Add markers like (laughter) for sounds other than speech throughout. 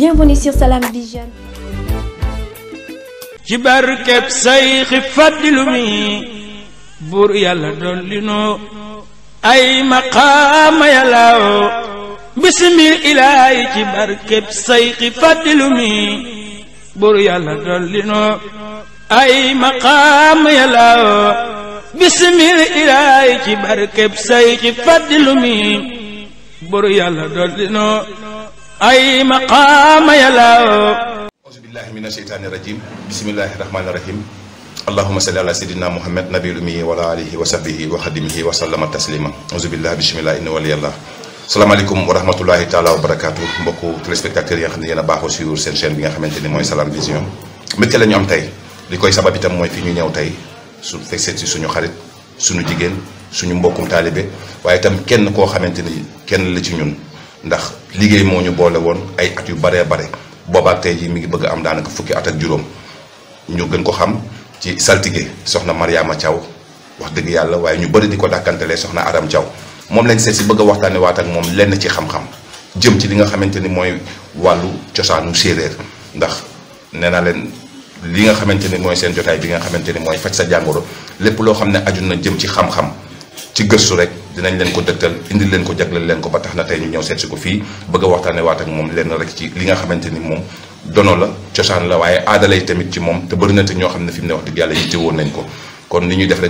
bienvenue sur ci barkeb sayxi fàddilu mi buur yàlla dolli noo ay maqaama yàllaaw bismil ilaahi ci barkeb sayxi fàddilu mi buur ay maqaama yàllaaw bismil ilaahi ci barkeb sayxi fàddilu mi buur ay maqaama yàlla auzu billahi min asheytaani rajim bismillahi rahmaani rahim allahuma salli ala sayidina muhammad nabil ummi wala alihi wa sahbihi wa xadimihi wa sallama taslima auzu billahi bismillahi inna waliyallah salaamaaleykum wa rahmatulahi taala wa barakaatu mbokku téléspectateurs yi nga xam ne yéen a baaxoo suivre seen chaîne bi nga xamante ni mooy Salam Vision mbégte la ñu am tey li koy sabab itam mooy fi ñu ñëw tey su fekk si suñu jigéen suñu mbokkum taalibe waaye itam kenn koo xamante ni kenn la ci ñun ndax liggéey moo ñu boole woon ay at yu baree bare boobaak tey jii mi ngi bëgg am daanaka fukki at ak juróom ñoo gën ko xam ci saltige soxna Mariama Thiaw wax dëgg yàlla waaye ñu bëri di ko dàkkantelee soxna Adam Thiaw moom lañ seet si bëgg a waxtaanee waat ak moom lenn ci xam-xam jëm ci li nga xamante ni mooy wàllu cosaanu séeréer ndax nee naa leen li nga xamante ni mooy seen jotaay bi nga xamante ni mooy faj sa jàngoro lépp loo xam ne aju na jëm ci xam ci gëstu rek dinañ leen ko dëgtal indil leen ko jagleel leen ko ba tax na tey ñu ñëw seet si ko fii bëgg a waxtaane waat ak moom leen rek ci li nga xamante ni moom dono la cosaan la waaye aada lay tamit ci moom te bëri na te ñoo xam ne fi mu ne wax dëgg yàlla yitte woon nañ ko kon li ñuy def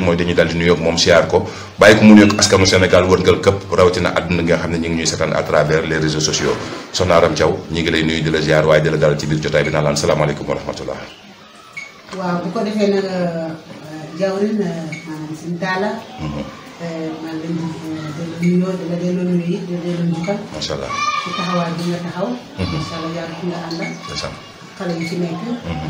nuyoo moom siyaar ko bàyyi ko mu nuyoo ak askanu Sénégal wërngal këpp rawatina àdduna nga xam ne ñu ngi ñuy seetaan à les réseaux sociaux soxna Aram Thiaw ngi lay nuyu di la ziar waaye di la daal ci biir Eh, maa ngi leen eh, di nuyoo di la delloo nuyu di la delloo njukkal. macha allah ci taxawaay bi nga taxaw. Mhm. macha allah yàlla fi nga àndal. xale yi ci nekk.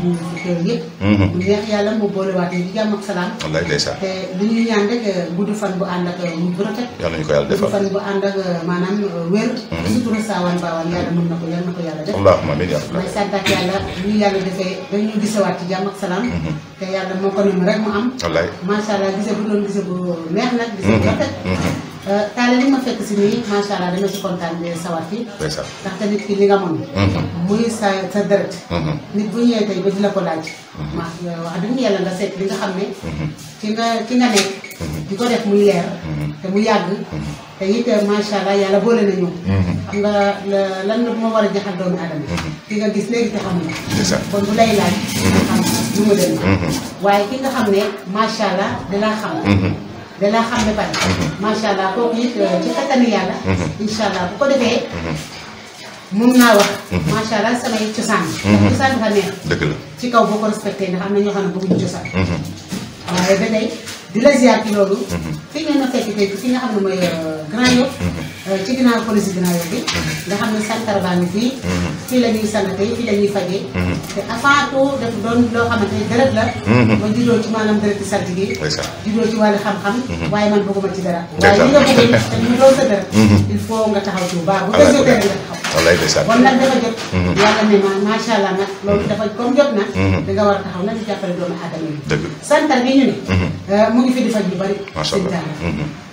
ñu mhm. ngi fi teew yëpp. bu mhm. neex yàlla mu boolewaat ñu ci jàmm ak salaam. wallaay ndeysaan te bu ñuy ñaan rek euh, gudd fan bu ànd ak euh, euh, maanaam wér. Mhm. surtout saawaan baawaan yàlla mën na ko yàlla na ko yàlla def. allahumma yàlla defee dañu gisawaat ci jàmm ak salaam. te yàlla moo ko noonu rek mu am. wallaay macha allah gise bu doon gise bu neex nag. gise bu rafet. Eh, Talla li ma fekk si nii macha allah dama si kontaan bi sawar fi ndax tamit ki li nga mën mhm. muy sa sa deret mhm. nit bu ñëwee tey ba di la ko laaj mhm. ma eh, wax dëgg yàlla li nga xam ne ci nga ci nga mu yàgg te it eh, macha allah yàlla boole nañu xam nga lan la bu ma war a jaxal doomu adama ki nga gis léegi te xam nga kon bu lay laaj xam lu mu dem waaye ki nga xam ne macha allah dalaa xam danaa xam ne bari. Mhm. macha allah kooku it euh, ci kattanu yàlla. Mhm. incha allah bu ko defee. Mhm. mun naa wax. macha allah samay cosaan. cosaan dafa neex. dëgg la ci kaw boo ko respecté ndax am na ñoo xam ne bëgguñu cosaan. waaye ba tey di la ziar ci loolu. fi ngeen ma fekk fi nga xam ne mooy euh, Grand Yoff. Euh, ci ginnaaw police ginnaaw yooyu bi nga xam ne santar baa ngi fii mhm. fii la ñuy sanatee fii la ñuy mhm. te afaatoo doon loo xamante ni deret la ma mhm. juddoo ci maanaam deret sant (laughs) il faut nga taxaw ci bu baax bu desee a yi ñu ne euh, mu ngi fi di faj lu bari macha allah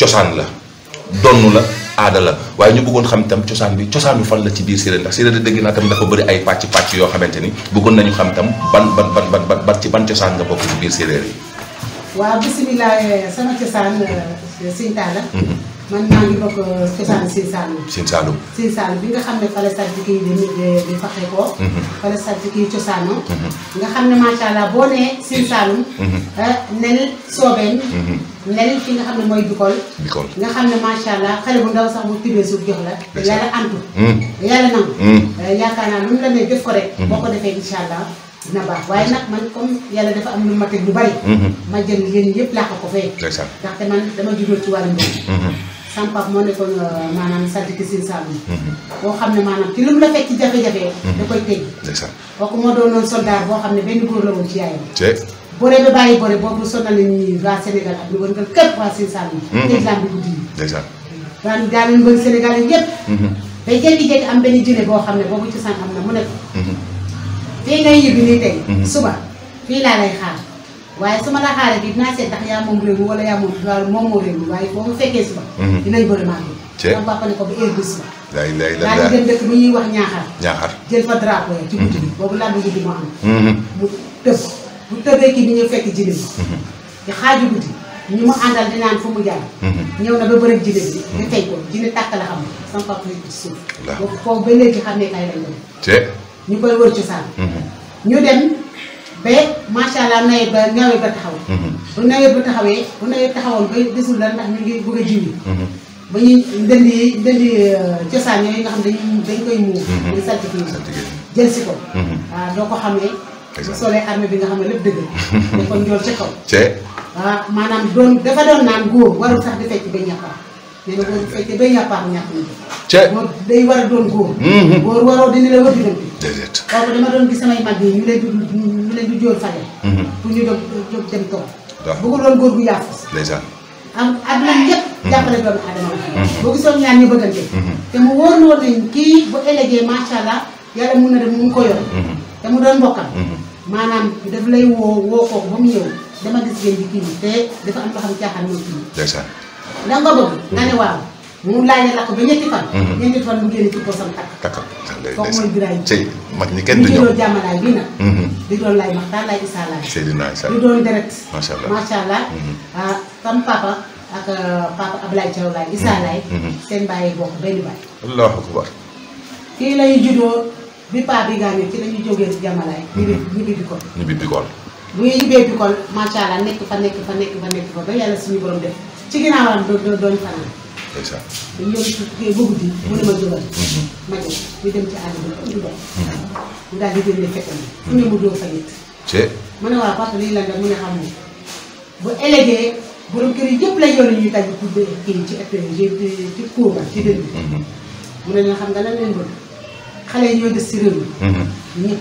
cosaan la donn la aada la waaye ñu bëggoon xam itam cosaan bi cosaanu fan la ci biir séeréer ndax séeréer dégg naa tam dafa bari ay pàcc pàcc yoo xamante ni bëggoon nañu xam itam ban ban ban ban ban ci ban cosaan nga bokk ci biir séeréer yi. waaw bisimilah sama cosaan euh, Sine Talla. Mhm. man maa ngi bokk euh, cosaan Sine Saloum. bi nga xam ne fële sax kii di di faxe ko. fële sax kii cosaanoo. Mhm. nga xam ne macha boo nee Sine Saloum. Mhm. Euh, nel leneen fi nga xam ne mooy Bikol. Bikol nga xam ne macha allah xale bu ndaw sax bu tuddee suuf jox la. yàlla antu. Hmm. yàlla nangu. Hmm. Euh, yaakaar naa lu mu la nee def ko rek. Hmm. boo ko defee incha allah dina baax man comme yàlla dafa am lu ma teg lu bari. ma jël yéen yëpp laax ko fee. ndaxte man dama juddoo ci wàllu mbokk. sama papa moo nekkoon euh, maanaam sant ki sin saalum boo xam ne maanaam ci lu mu la fekk ci jafe-jafe. da koy tëj. kooku moo doonoon soldat boo xam ne benn góor la woon ci yaayam. bore ba bàyyi bore boobu sonal nañu waa Sénégal ak lu wërngal képp waa Sine mhm. exemple bu guddi daan daan nañu Sénégal yëpp. day mhm. jékki-jékki am benn jëlee boo xam ne boobu cosaan am na mu nekk. Mhm. fii ngay yëg nii tey. suba fii laa lay xaar. waaye su ma la xaaree bi dinaa seet ndax yaa moom réew mi yaa moom wala moom moo waaye boo ma fekkee suba. dinañ bëri maa ngi. ko ba heure bi suba. daay daay daay daal dëkk bu ñuy wax ñaaxar. ñaaxar jël fa drapeau ci guddi bi. boobu laa bëgg di mu am. mu bu tëbee kii bi ñëw fekk jilim di xaaju guddi ñu mu àndal di naan fu mu jàll mhm. ñëw na ba bërëb jilim bi ñu tey ko jine tàkk la xam sama ba léegi xam ne kay lañ doon ñu koy wër cosaan mhm. ñu dem ba macha allah nawet ba nawet ba taxaw mhm. bu nawet ba taxawee bu nawet la ndax ñu ngi bëgg a jiw ba ñu ndënd yi ndënd euh, cosaan yooyu nga xam dañ dañ koy muur ñu saltige jël si ko waaw doo ko xam ne bu solee armée bi nga xam ne lépp dëgg la. (laughs) dafa njool ci kaw. cee. ah maanaam doon dafa doon naan góor warul sax di fecc ba ñàppaar. nee na boo fekkee ba ñàppaar ñàpp na ko. cee góor day war a doon góor. Mm-hmm. góor waroo dina la wër di dem. déedéet kooku dama doon gis samay mag yi ñu leen di ñu leen di jóor fayal. Mm-hmm. pour ñu doon jóg dem tool. waaw bu ko doon góor bu yaafus. ndeysaan. am àdduna yëpp. Mm-hmm. jàppale doomu aadama la. boo gisoon ñaar ñu bëggante. te mu wóor na woon ne kii bu élegee macha allah yàlla mun na dem mu ngi ko yor. te mu doon mbokkam. maanaam daf lay woo woo ko ba mu ñëw dama gis ngeen di kii bi te dafa am loo xam caaxaan moo kii. ndeysaan. la nga bëgg. nga ne waaw mu laaj la ko ba ñetti fan. Mhm. ñetti fan mu génn ci posam takk. takkal kooku mooy biraay bi. mag ñi kenn du ñëw jàmmalaay bi nag. Mhm. di doon lay waxtaan lay isa laay. Seydina allah macha mhm. ah, papa ak euh, papa Ablaye Thiaw laay isa laay. seen bàyyi bokk benn baay. allahu akbar. kii lay juddoo. bi paa bi gaañoo ci la ñu jógee si jamalaay. Mhm. ñibbi ñibbi Bikol. ñibbi Bikol. bu ñu ñibbee Bikol macha allah nekk fa nekk fa nekk fa nekk fa ba yàlla suñu borom def ci ginnaawam doon doon fanaan. incha allah dañu yor kii ba guddi. mu ne ma jógal. Mhm. Mhm. ma dem ñu dem ci àll bi ñu doon. mu daal di génne fekk na. fu ne mu dóor fa nit. c'est. mu ne waaw parce que lii lan la mu ne xam moom bu élégué borom kër yi yëpp lay yor ñuy taj kii ci épreuve ci kóoba ci dënn. mu ne la xam nga lan leen bëgg. xale yi ñoo des si réew mhm. a ngi.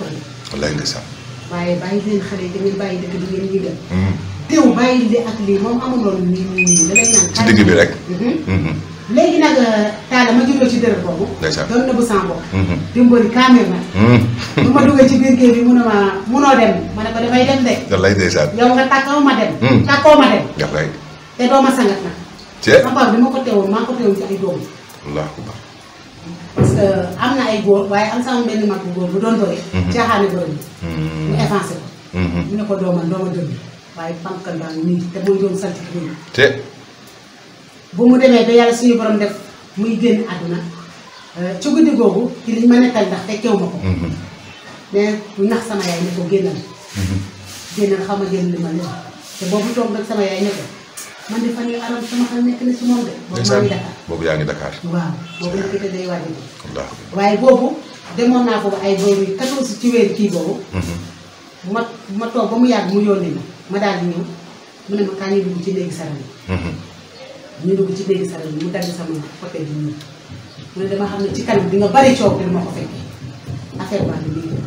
waaye bàyyi leen xale yi da ngeen bàyyi dëkk bi ngeen yëgal. Mhm. teew bàyyi li ak lii moom amuloon nii nii nii da ngay bi rek. Mhm. nag euh, taala ma juddoo ci dërëb boobu. ndeysaan na bu sans bopp. dimbali kaamil na. bu ma duggee ci biir géej bi mun a ma munoo dem ma ne ko dafay dem de. wallay ndeysaan. yow nga takkoo ma dem. takkoo ma dem. wallay. te doo ma sangat nag. cee ma papa bi ma ko teewoon maa ko teewoon ci ay doom. allahu am na ay góor waaye am sama benn mag bu góor bu doon doy. Mhm. caaxaane doy mhm. mu évancé ko. Mhm. mu ne ko doomal doomal dëgg waaye Pampkal baa nii te mooy doon sant bi te. bu mu demee ba yàlla suñu borom def muy génn àdduna euh, ci guddi googu ci liñ ma nekkal ndax te kew ma ko. mais bu nax sama yaay ne ko génnal. génnal xaw ma génn li ma ne te boobu toog nag sama yaay ne man de fan yii alam sama xel nekk na si moom maa ngi Dakar boobu yaa ngi Dakar. waaw boobu la gëj a day waaj a waaye naa ko ay boobu 14 ci weer kii boobu. Mhm. ma ma toog ba mu yàgg mu yónnee ma ma daal di ñëw mu ne ma kaa mhm. ñu dugg ci léegi saral yi. mu dagg sama côté bi mu ne dama xam ne ci kanam bi nga bari coow bi ma ko fekkee affaire baa ngi nii.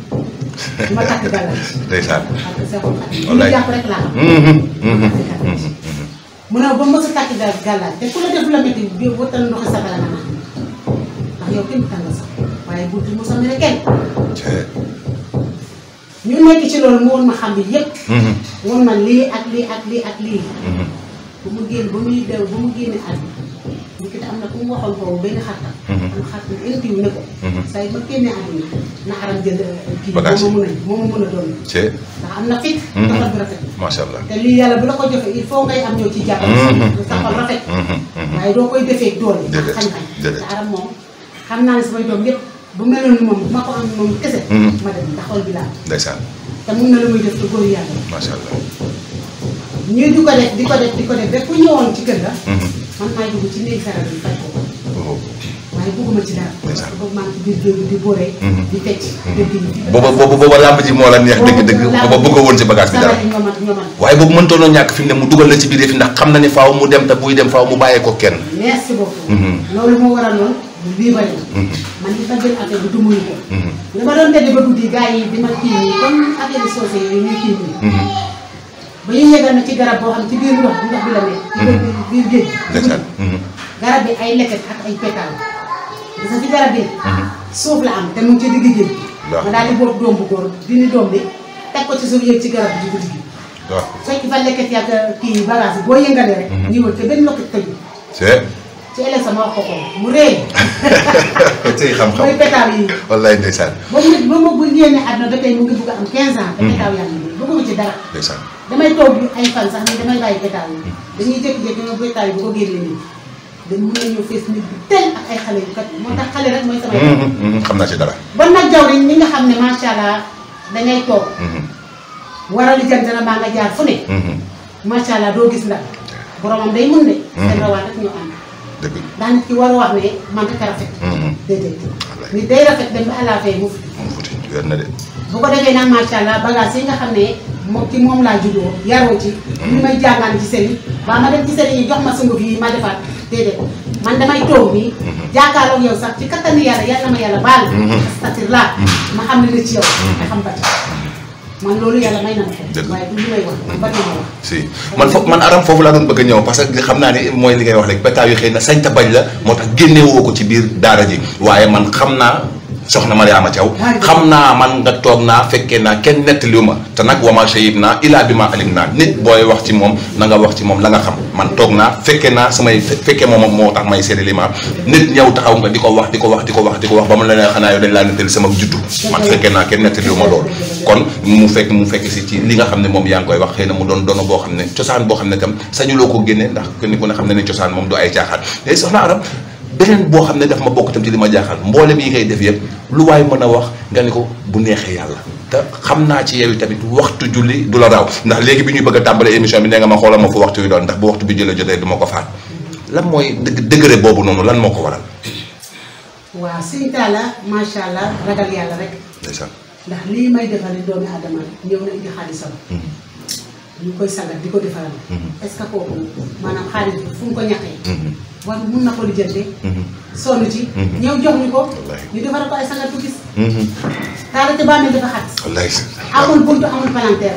(laughs) ma takk gàllankoor. ndeysaan ak sa xol ak. wallaay li ñu jàpp rek laa am. Mhm. mu ne ba mos a takk daal gàllaaj te ku la def la metti bi wëttal ndoxi safara sax waaye buntu mos a mere kenn ñu nekk ci loolu mu ma xam ne yëpp mhm. woon ma lii ak lii ak lii ak lii mhm. ba mu génn ba muy dew ba mu génne àdduna ñu ki te am na ku mu waxoon boobu benn xartal Mhm. Euh, moom a a a mën a doon. ndax am na fit. Mhm. dafa bu rafet. macha allah te lii yàlla ñoo ci jàppale. sa mhm. xol rafet. waaye koy defee doole. jërëjëf jërëjëf ndax aram xam naa ne samay doom yëpp bu meloon moom ma ko am moom kese. ma dem ndax xol bi laa. ndeysaan te mun na la muy def di ko def di ko def di ko def ba ku ñëwoon ci kër ga. man maa dugg ci néeg faral di faj ko. Oh. waaye bëgguma ci dara. parce boobu maa ci biir géej di boole. di mhm. fecc dëgg yi. Mhm. booba booba moo la neex dëgg-dëgg. booba bëgg woon ci bagage bi dara. waaye boobu mëntoon ñàkk fi mu dugal la ci biir yëf ndax xam na ni faaw mu dem te buy dem faaw mu bàyyee ko kenn. merci beaucoup. Mhm. loolu moo waraloon lii bari ba guddi gars yi di ma kii nii comme affaire soose yooyu ñuy kii nii. ba ñu yëgal na ci garab boo xam ci biir ndox ndox bi la nekk. biir géej. garab bi ay leket ak ay pétale. gis nga ci garab bi. suuf la am te mu ngi ci digg géej. waaw ma daal di boobu doom bu góor dindi doom bi teg ko ci suuf yëg ci garab bi ci guddi gi. waaw fekk fa lekkat yi ak kii bagage boo yëngalee rek. ñëwal te benn loxo tëju. ci ëllëg sama wax ko ko mu rëy. (laughs) tey xam-xam mooy yi. wallaay ndeysaan. ba mu nit ba am 15 ans. te pétaw yaa ngi nii bëgguma ci dara. ndeysaan damay toog ay fan sax ni damay bàyyi pétaw yi. dañuy jékki-jékki pétaw yi bu ko génnee nii. dañ mën a ñëw nit bi tel ak ay xale yu kat moo tax xale rek mooy samay. Mm-hmm, mm-hmm, xam naa ci dara. bon nag jaww ji ñi nga xam ne macha allah dangay toog. Mm-hmm. waral li jant na baa nga jaar fu ne. macha allah doo gis la boromam day mun de. nit war a wax ne man rek day rafet dem ba alaafee mu futi. mu na de. bu ko defee nag macha allah bagage yi nga xam ne moom ci moom laa juddoo yaroo ci. li may jàngaan ci sëriñ. waa ma dem ci sëriñ yi jox ma sunguf yi ma defaat. déedéet man damay toog nii mhm. jaakaaroo yow sax ci kattanu yàlla yàlla ma yàlla baal mhm. statir laa mhm. ma xam ne la ci yow nga xam bati man loolu yàlla may na ko waaye du li may wax man bari ma wax si man foofu man aram foofu laa doon bëgg ñëw parce que xam naa ne mooy li ngay wax rek pétaw yi xëy na sañ bañ la moo tax génnewoo ko ci biir daara ji waaye man xam naa soxna ma Mariama Thiaw xam naa man nga toog naa fekkee naa kenn nettaliwu ma te nag wama shayib naa ilaa bi ma alim nit booy wax ci moom na nga wax ci moom la nga xam man toog naa fekkee naa samay fekkee moom moo tax may seede li ma am nit ñëw taxaw nga di ko wax di ko wax di ko wax di ko wax ba mu la ne xanaa yow dañ laa nettali sama juddu man fekkee naa kenn nettaliwu ma loolu kon mu fekk mu fekk si ci li nga xam ne moom yaa ngi koy wax xëy na mu doon dono boo xam ne cosaan boo xam ne tam sañu ko génne ndax kenn ku ne xam ne ne cosaan moom du ay caaxaan eh, beneen boo xam ne daf ma bokk tam ci li ma jaaxal mboolem yi ngay def yëpp lu waay mën a wax nga ne ko bu neexee yàlla te xam naa ci yow tamit waxtu julli du la raw ndax léegi bi ñuy bëgg a tàmbale émission bi nee nga ma xoolal ma fu waxtu yu doon ndax bu waxtu bi jëlee jotee du ma ko faat lan mooy dëgg dëgëre boobu noonu lan moo ko waral. waaw sëñ Talla macha allah ragal yàlla rek. ndax lii may defal doomi aadama ñëw na indi xaalisam. Hmm. ñu koy sagal di ko defaral. Mm-hmm. est-ce que kooku maanaam xaalis bi fu mu ko ñaqee. Mm-hmm. war mun na ko lijjante. Mm-hmm. sonn ci. ñëw jox ñu ko. ñu defaral ko ay sagal bu gis. taala te bàmmeel dafa xat. amul buntu amul palanteer.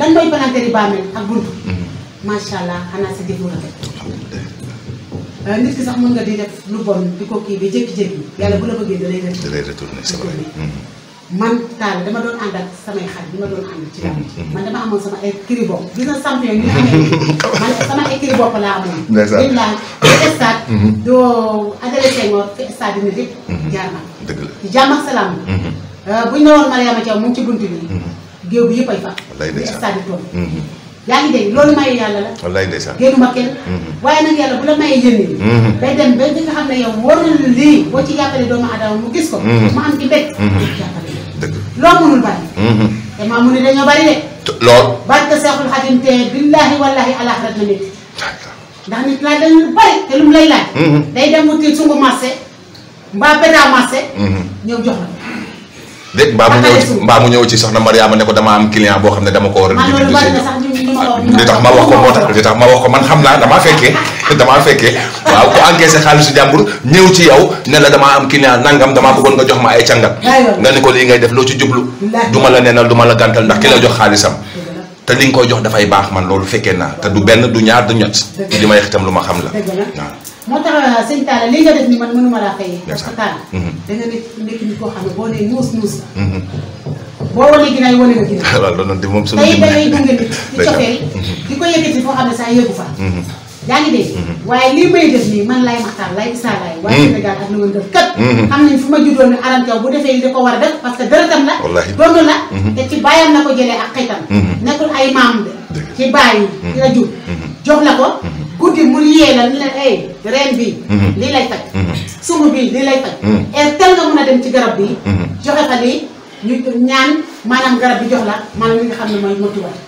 lan mooy palanteer yi bàmmeel ak buntu. macha allah xanaa si jëfu rafet. Euh, nit ki sax mën nga di def lu bon di ko kii bi jékki-jékki yàlla bu la bëggee da lay retourné. da lay retourné man taal dama doon ànd ak samay xar doon ànd ci làmb mm-hmm. man dama amoon sama écrit bopp gis nga (laughs) sama écrit bopp laa amoon mm-hmm. mm-hmm. na ci jàmm ak salaam la euh, buñ ne woon Mariama Thiaw mu ngi ci bunt bi doomu aadama mu gis ko mu am ci mbég jàppale dëgg loo mënul bari. damaa mm-hmm. mu ne dañoo bari de. lool barke Seexul Xadim te billaahi wallaahi alaaxira na nit. ndax nit laaj dañu bari te lu mu lay laaj. Mm-hmm. day dem wuti sungu marché mbaa péta marché. Mm-hmm. ñëw jox la. dégg mbaa mu ñëw ci mbaa mu ñëw ci soxna Mariama ne ko dama am client boo xam ne dama ko war a. maa ngi li tax ma wax ko moo tax li tax ma wax ko man xam naa damaa fekkee damaa fekkee waaw ku encaissé xaalisu jàmbur ñëw ci yow ne la damaa am ki client nangam damaa bëggoon nga jox ma ay càngat nga ni ko lii ngay def loo ci jublu duma la nenal du ma la gàntal ndax ki la jox xaalisam te li nga koy jox dafay baax man loolu fekkee naa te du benn du ñaar du ñett li ma wax itam lu ma xam la waaw moo tax euh, sëñ Talla li nga def ni man mënuma laa fayee. parce mhm. nekk nit koo xam ne boo nee ñuus ñuus la. Mhm. boo wanee ginnaaw wane nga ginnaaw. waaw loolu noonu moom sunu. tey da (laughs) mhm. bu defee li ko war a parce que la. wallaahi la. te ci bàyyam na ko jëlee ak xëytam. nekkul ay maam de. ci bàyyi. jur jox la ko. guddi mu yee la ni la ay reen bi mhm. lii lay faj mhm. sumb bi lii lay faj et mhm. tel nga mën a dem ci garab bi joxe fa ñaan maanaam garab bi jox la maanaam li nga xam ne mooy motuwaay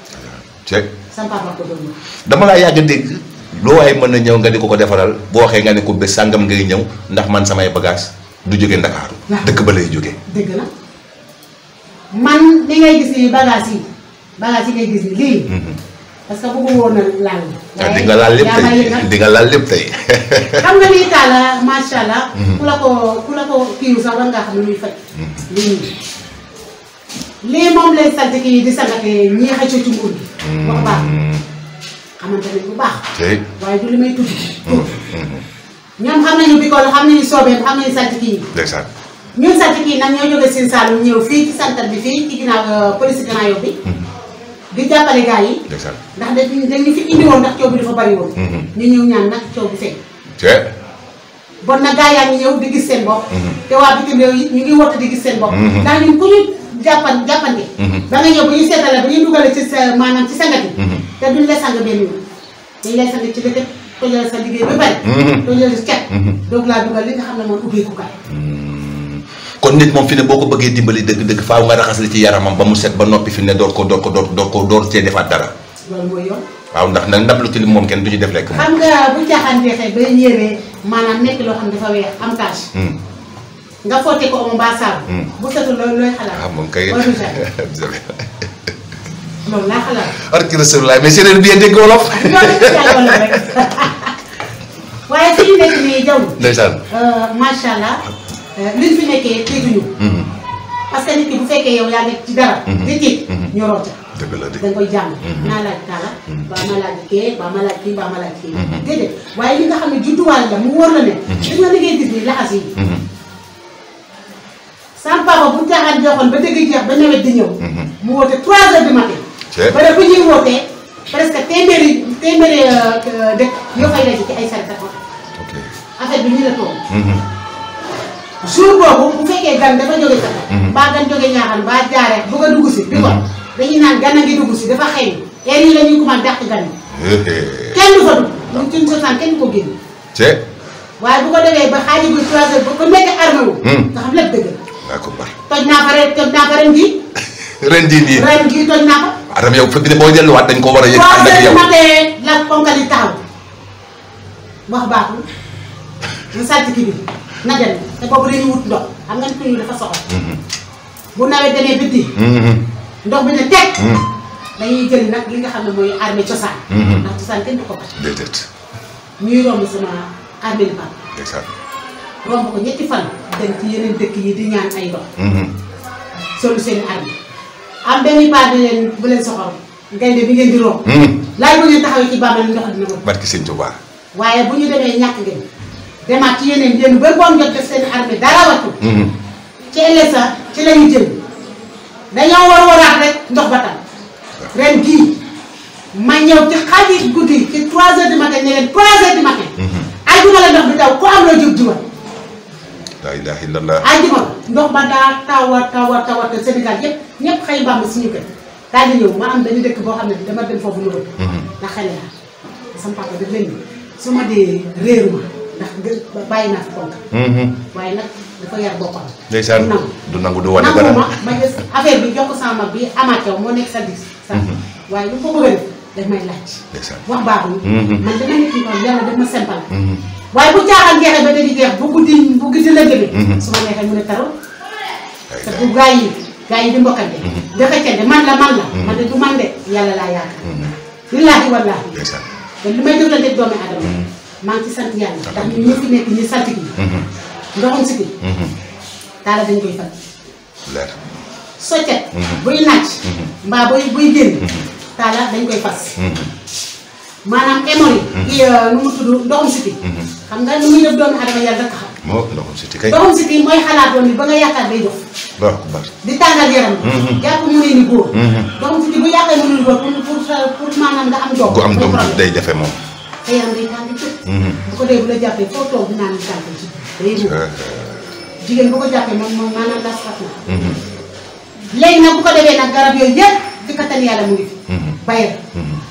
dama laa yàgg dégg loo waaye mën na ñëw nga di ko ko defaral boo xee nga ne ko bés sàngam ngay ñëw ndax man samay bagage du jóge Ndakaaru dëkk ba lay jóge dëgg la man li ngay gis nii bagage yi bagage yi ngay gis nii lii parce que bëggu woon na laal. Eh, waaye di laal lépp tey xam nga lii taal la macha allah. Mhm. ku la ko ku la ko kii sax war ngaa xam ne muy faj. Mhm. lii moom lay sant kii di sant ñi xëcc ci nguur gi. Mhm. wax baax xamante ne bu baax. waaye du li may tudd. ñoom xam nañu bikol xam nañu soobee xam nañu sant kii. ndeysaan. ñun sant kii nag ñoo jógee Sine Saalum ñëw fii ci santat bi fii ci ginnaaw euh, police gannaaw bi. di jàppale gaa yi. ndax dañu dañu fi indi woon ndax coow bi dafa bari woon. Mhm. ñu ñëw ñaan nag coow bi feeñ. bon nag gars yaa ngi ñëw di gis seen bopp. Mhm. te waa bitim réew yi ñu ngi woote di gis seen bopp. Mhm. ndax ñun ku ñu jàppan jàppante. ba nga ñëw bu ñuy seetale ba ñuy dugale ci sa maanaam ci sangati. te duñ la sang benn yoon dañ lay ci lëkkal tojale sa liggéey ba bari. tojale cet. doog laa dugal li nga xam ne mooy ubbeeku kaay. kon nit moom fi ne boo ko bëggee dimbali dëgg-dëgg faaw nga raxas li ci yaramam ba mu set ba noppi fi ne door ko door ko door door ko door cee defaat dara. loolu mooy du waaye fi ñu nekk nii jaww. ndeysaan. Euh, macha allah. Ah. liñ euh, fi nekkee tiituñu. Mhm. parce que nit ki bu fekkee yow yaa nekk ci dara. di mhm. tiit mhm. ñoroo ca. de da koy jàng. naa laaj kaala. ba ma laaj kee ba ma kii ba ma laaj kii. déedéet waaye li nga xam ne judduwaale la mu wóor la ne. li nga liggéey laxas yi. sama bu caaxaan joxoon ba dëgg jeex ba nawet di ñëw. mu woote 3 heures du matin. ba ne bu ñuy wootee presque téeméeri téeméeri euh, dëkk yoo fay laaj ci ay saret ak affaire bi ñu la toog. jour boobu bu fekkee gan dafa jóge Dakar. mbaa mhm. gan jóge ñaaxal mbaa jaaree bu ko dugg si. di ko mhm. dañuy naan gan a ngi dugg si dafa xëy na heure yii la ñuy commencé dàq gan yi. kenn du fa dugg. ñun suñu sosaan kenn ko génn. c'est. waaye bu ko defee ba xaaju bi trois heures ba ba métti armé wu. Hmm. nga xam lépp dëgg la. d'accord toj naa fa ren toj naa fa ren jii. (laughs) ren jii nii ren jii toj naa ko. Adam yow fekk ne boo delluwaat dañ ko war a yëg. ànd ak yow la ponkali taxaw wax baaxul mu (laughs) sàcc kii bi. na dem te boobu dañuy wut ndox xam nga nit ñi dafa soxla. Mhm. bu nawet demee bitti. Mhm. ndox bi ne teg. Mhm. dañuy jël nag li nga xam ne mooy armée cosaan. ndax cosaan kenn du ko bàyyi. déedéet. ñuy romb sama armée li Pape. ndeysaan. romb ko ñetti fan. dem ci yeneen dëkk yi di ñaan ay ndox. solu seen armée. am benn part ne leen bu leen soxal. gaynde bi ngeen di romb. laaj bu ngeen taxawee ci bàmmeel ndox dina ko. barki sëñ Tuubaa. waaye bu ñu demee ñàkk ngeen. demaat ci yeneen yenn ba ngoon jot def seen armée dara wàccu. Mhm. ci LSA ci la ñu jël dañoo war waraat rek ndox ba tam ren gii ma ñëw ci xaajit guddi ci 3 heures du matin ne leen 3 heures mhm. la ndox bi daw ku am loo jóg jiwal. la ilaha illallah. ajjuma ndox ba daa taw a taw a taw a te Sénégal yëpp ñëpp xëy bamb suñu kër daal di ñëw ma am dañu dëkk boo xam ne dama dem foofu lu wër. Mhm. ndax xale laa sama papa daf leen ni ndax ngir bàyyi naa fi kontaan. Mm-hmm. waaye nag dafa yar boppam. ndeysaan du nangu du nangu ma ba bi nekk sa dis. Mm-hmm. waaye lu ko bëgg a def ma sempal. Mm-hmm. waaye bu caaxaan jeexee ba dañuy jeex bu guddi bu guddi la jëlee. su ma neexee mu ne taral. te bu gaa yi gaa yi di mbokkante. dafa cende man la man la. man du man de yàlla laa yaakaar. lillaahi wallaahi. te li may jëflante doomi aadama. maa ngi ci sant yàlla mhm. mhm. dañ koy faj. soccet. Mhm. buy naaj. mbaa buy buy génn. taala dañ koy fas. maanaam émori. kii euh, nu mu tudd ndoxum siti xam nga nu muy def doomu adama yàlla rek moo ndoxum siti kay. ndoxum siti mooy ba nga yaakaar day dox. waaw baax di tàngal yaram. jàpp mu ne ni góor. ndoxum siti bu yàqee mu ne ni góor maanaam nga am doom. gu am doom day jafe moom. te yaram day tàng bayre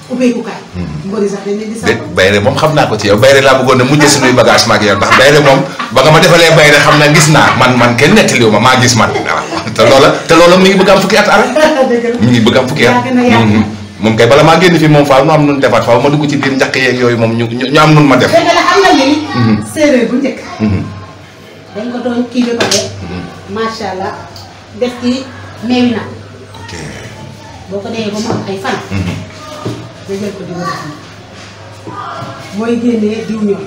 ubbeeku bayre moom xam naa ko ci yow bayre laa bëggoon ne mujjee suñuy bagage maa ngi yor ndax bayre moom ba nga ma defalee bayre xam na gis naa man man kenn nettaliw ma maa gis man. (laughs) te loola te loola mi ngi fukki at ara. (laughs) mi ngi fukki at. Mhm. moom kay bala maa génn fi moom faaw nu am nun defaat faaw ma dugg ci biir njaq yooyu moom ñu ñu am nun ma def. dégg nga xam nga ni. Mhm. séeréer bu njëkk. Mhm. dañ ko doon kii ba pare. Mhm. ko dee fan. nga jël ko di mooy génnee diw ñor.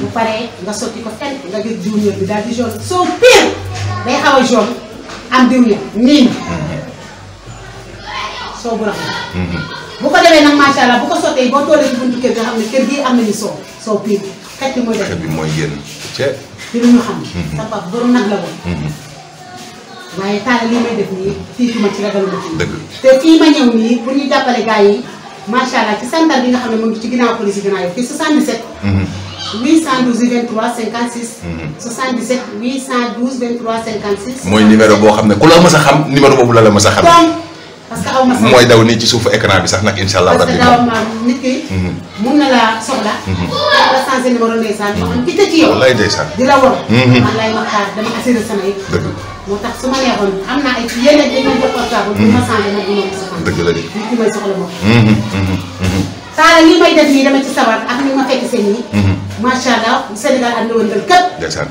bu paree nga sotti ko fenn nga jël diw ñor bi daal di jaune soo pire day xaw a jaune am diw ñor nii. soow bu rafet bu ko defee nag macha allah bu ko sottee boo toolee ci buntu kër gi xam ne kër gi am na ni soow soow piir xet bi mooy def bi mooy génn cee ci lu ñu xam ne mhm. sa mhm. li may nii ci ragaluma ci dëgg te fii ma ñëw nii pour ñu jàppale gars yi macha allah ci santar bi nga xam ne mu ci ginaaw police yi ginnaaw yow fii 77 812 23 56. 77 mooy numéro boo xam ne ku la mës a xam numéro boobu la la mës a xam. parce que aw ma mooy daw nii ci suufu écran bi sax nag incha allah. rabbi parce nit ki. Mhm. mun na laa soxla. dafa mhm. sensé numéro ndeysaan. Mhm. am itte ci yow wallaay ndeysaan. di la war. dama assuré sama yëpp. dëgg moo tax su ma neexoon am naa ay yeneen yi ma jox portable. bu ma sensé nag du ma ko soxla. dëgg la de nit ki may soxla moom. Saara li may def nii dama ci sabar ak ni ma fekk seen i. macha mhm. allah Sénégal ak Ndeo Ndeo képp. ndeysaan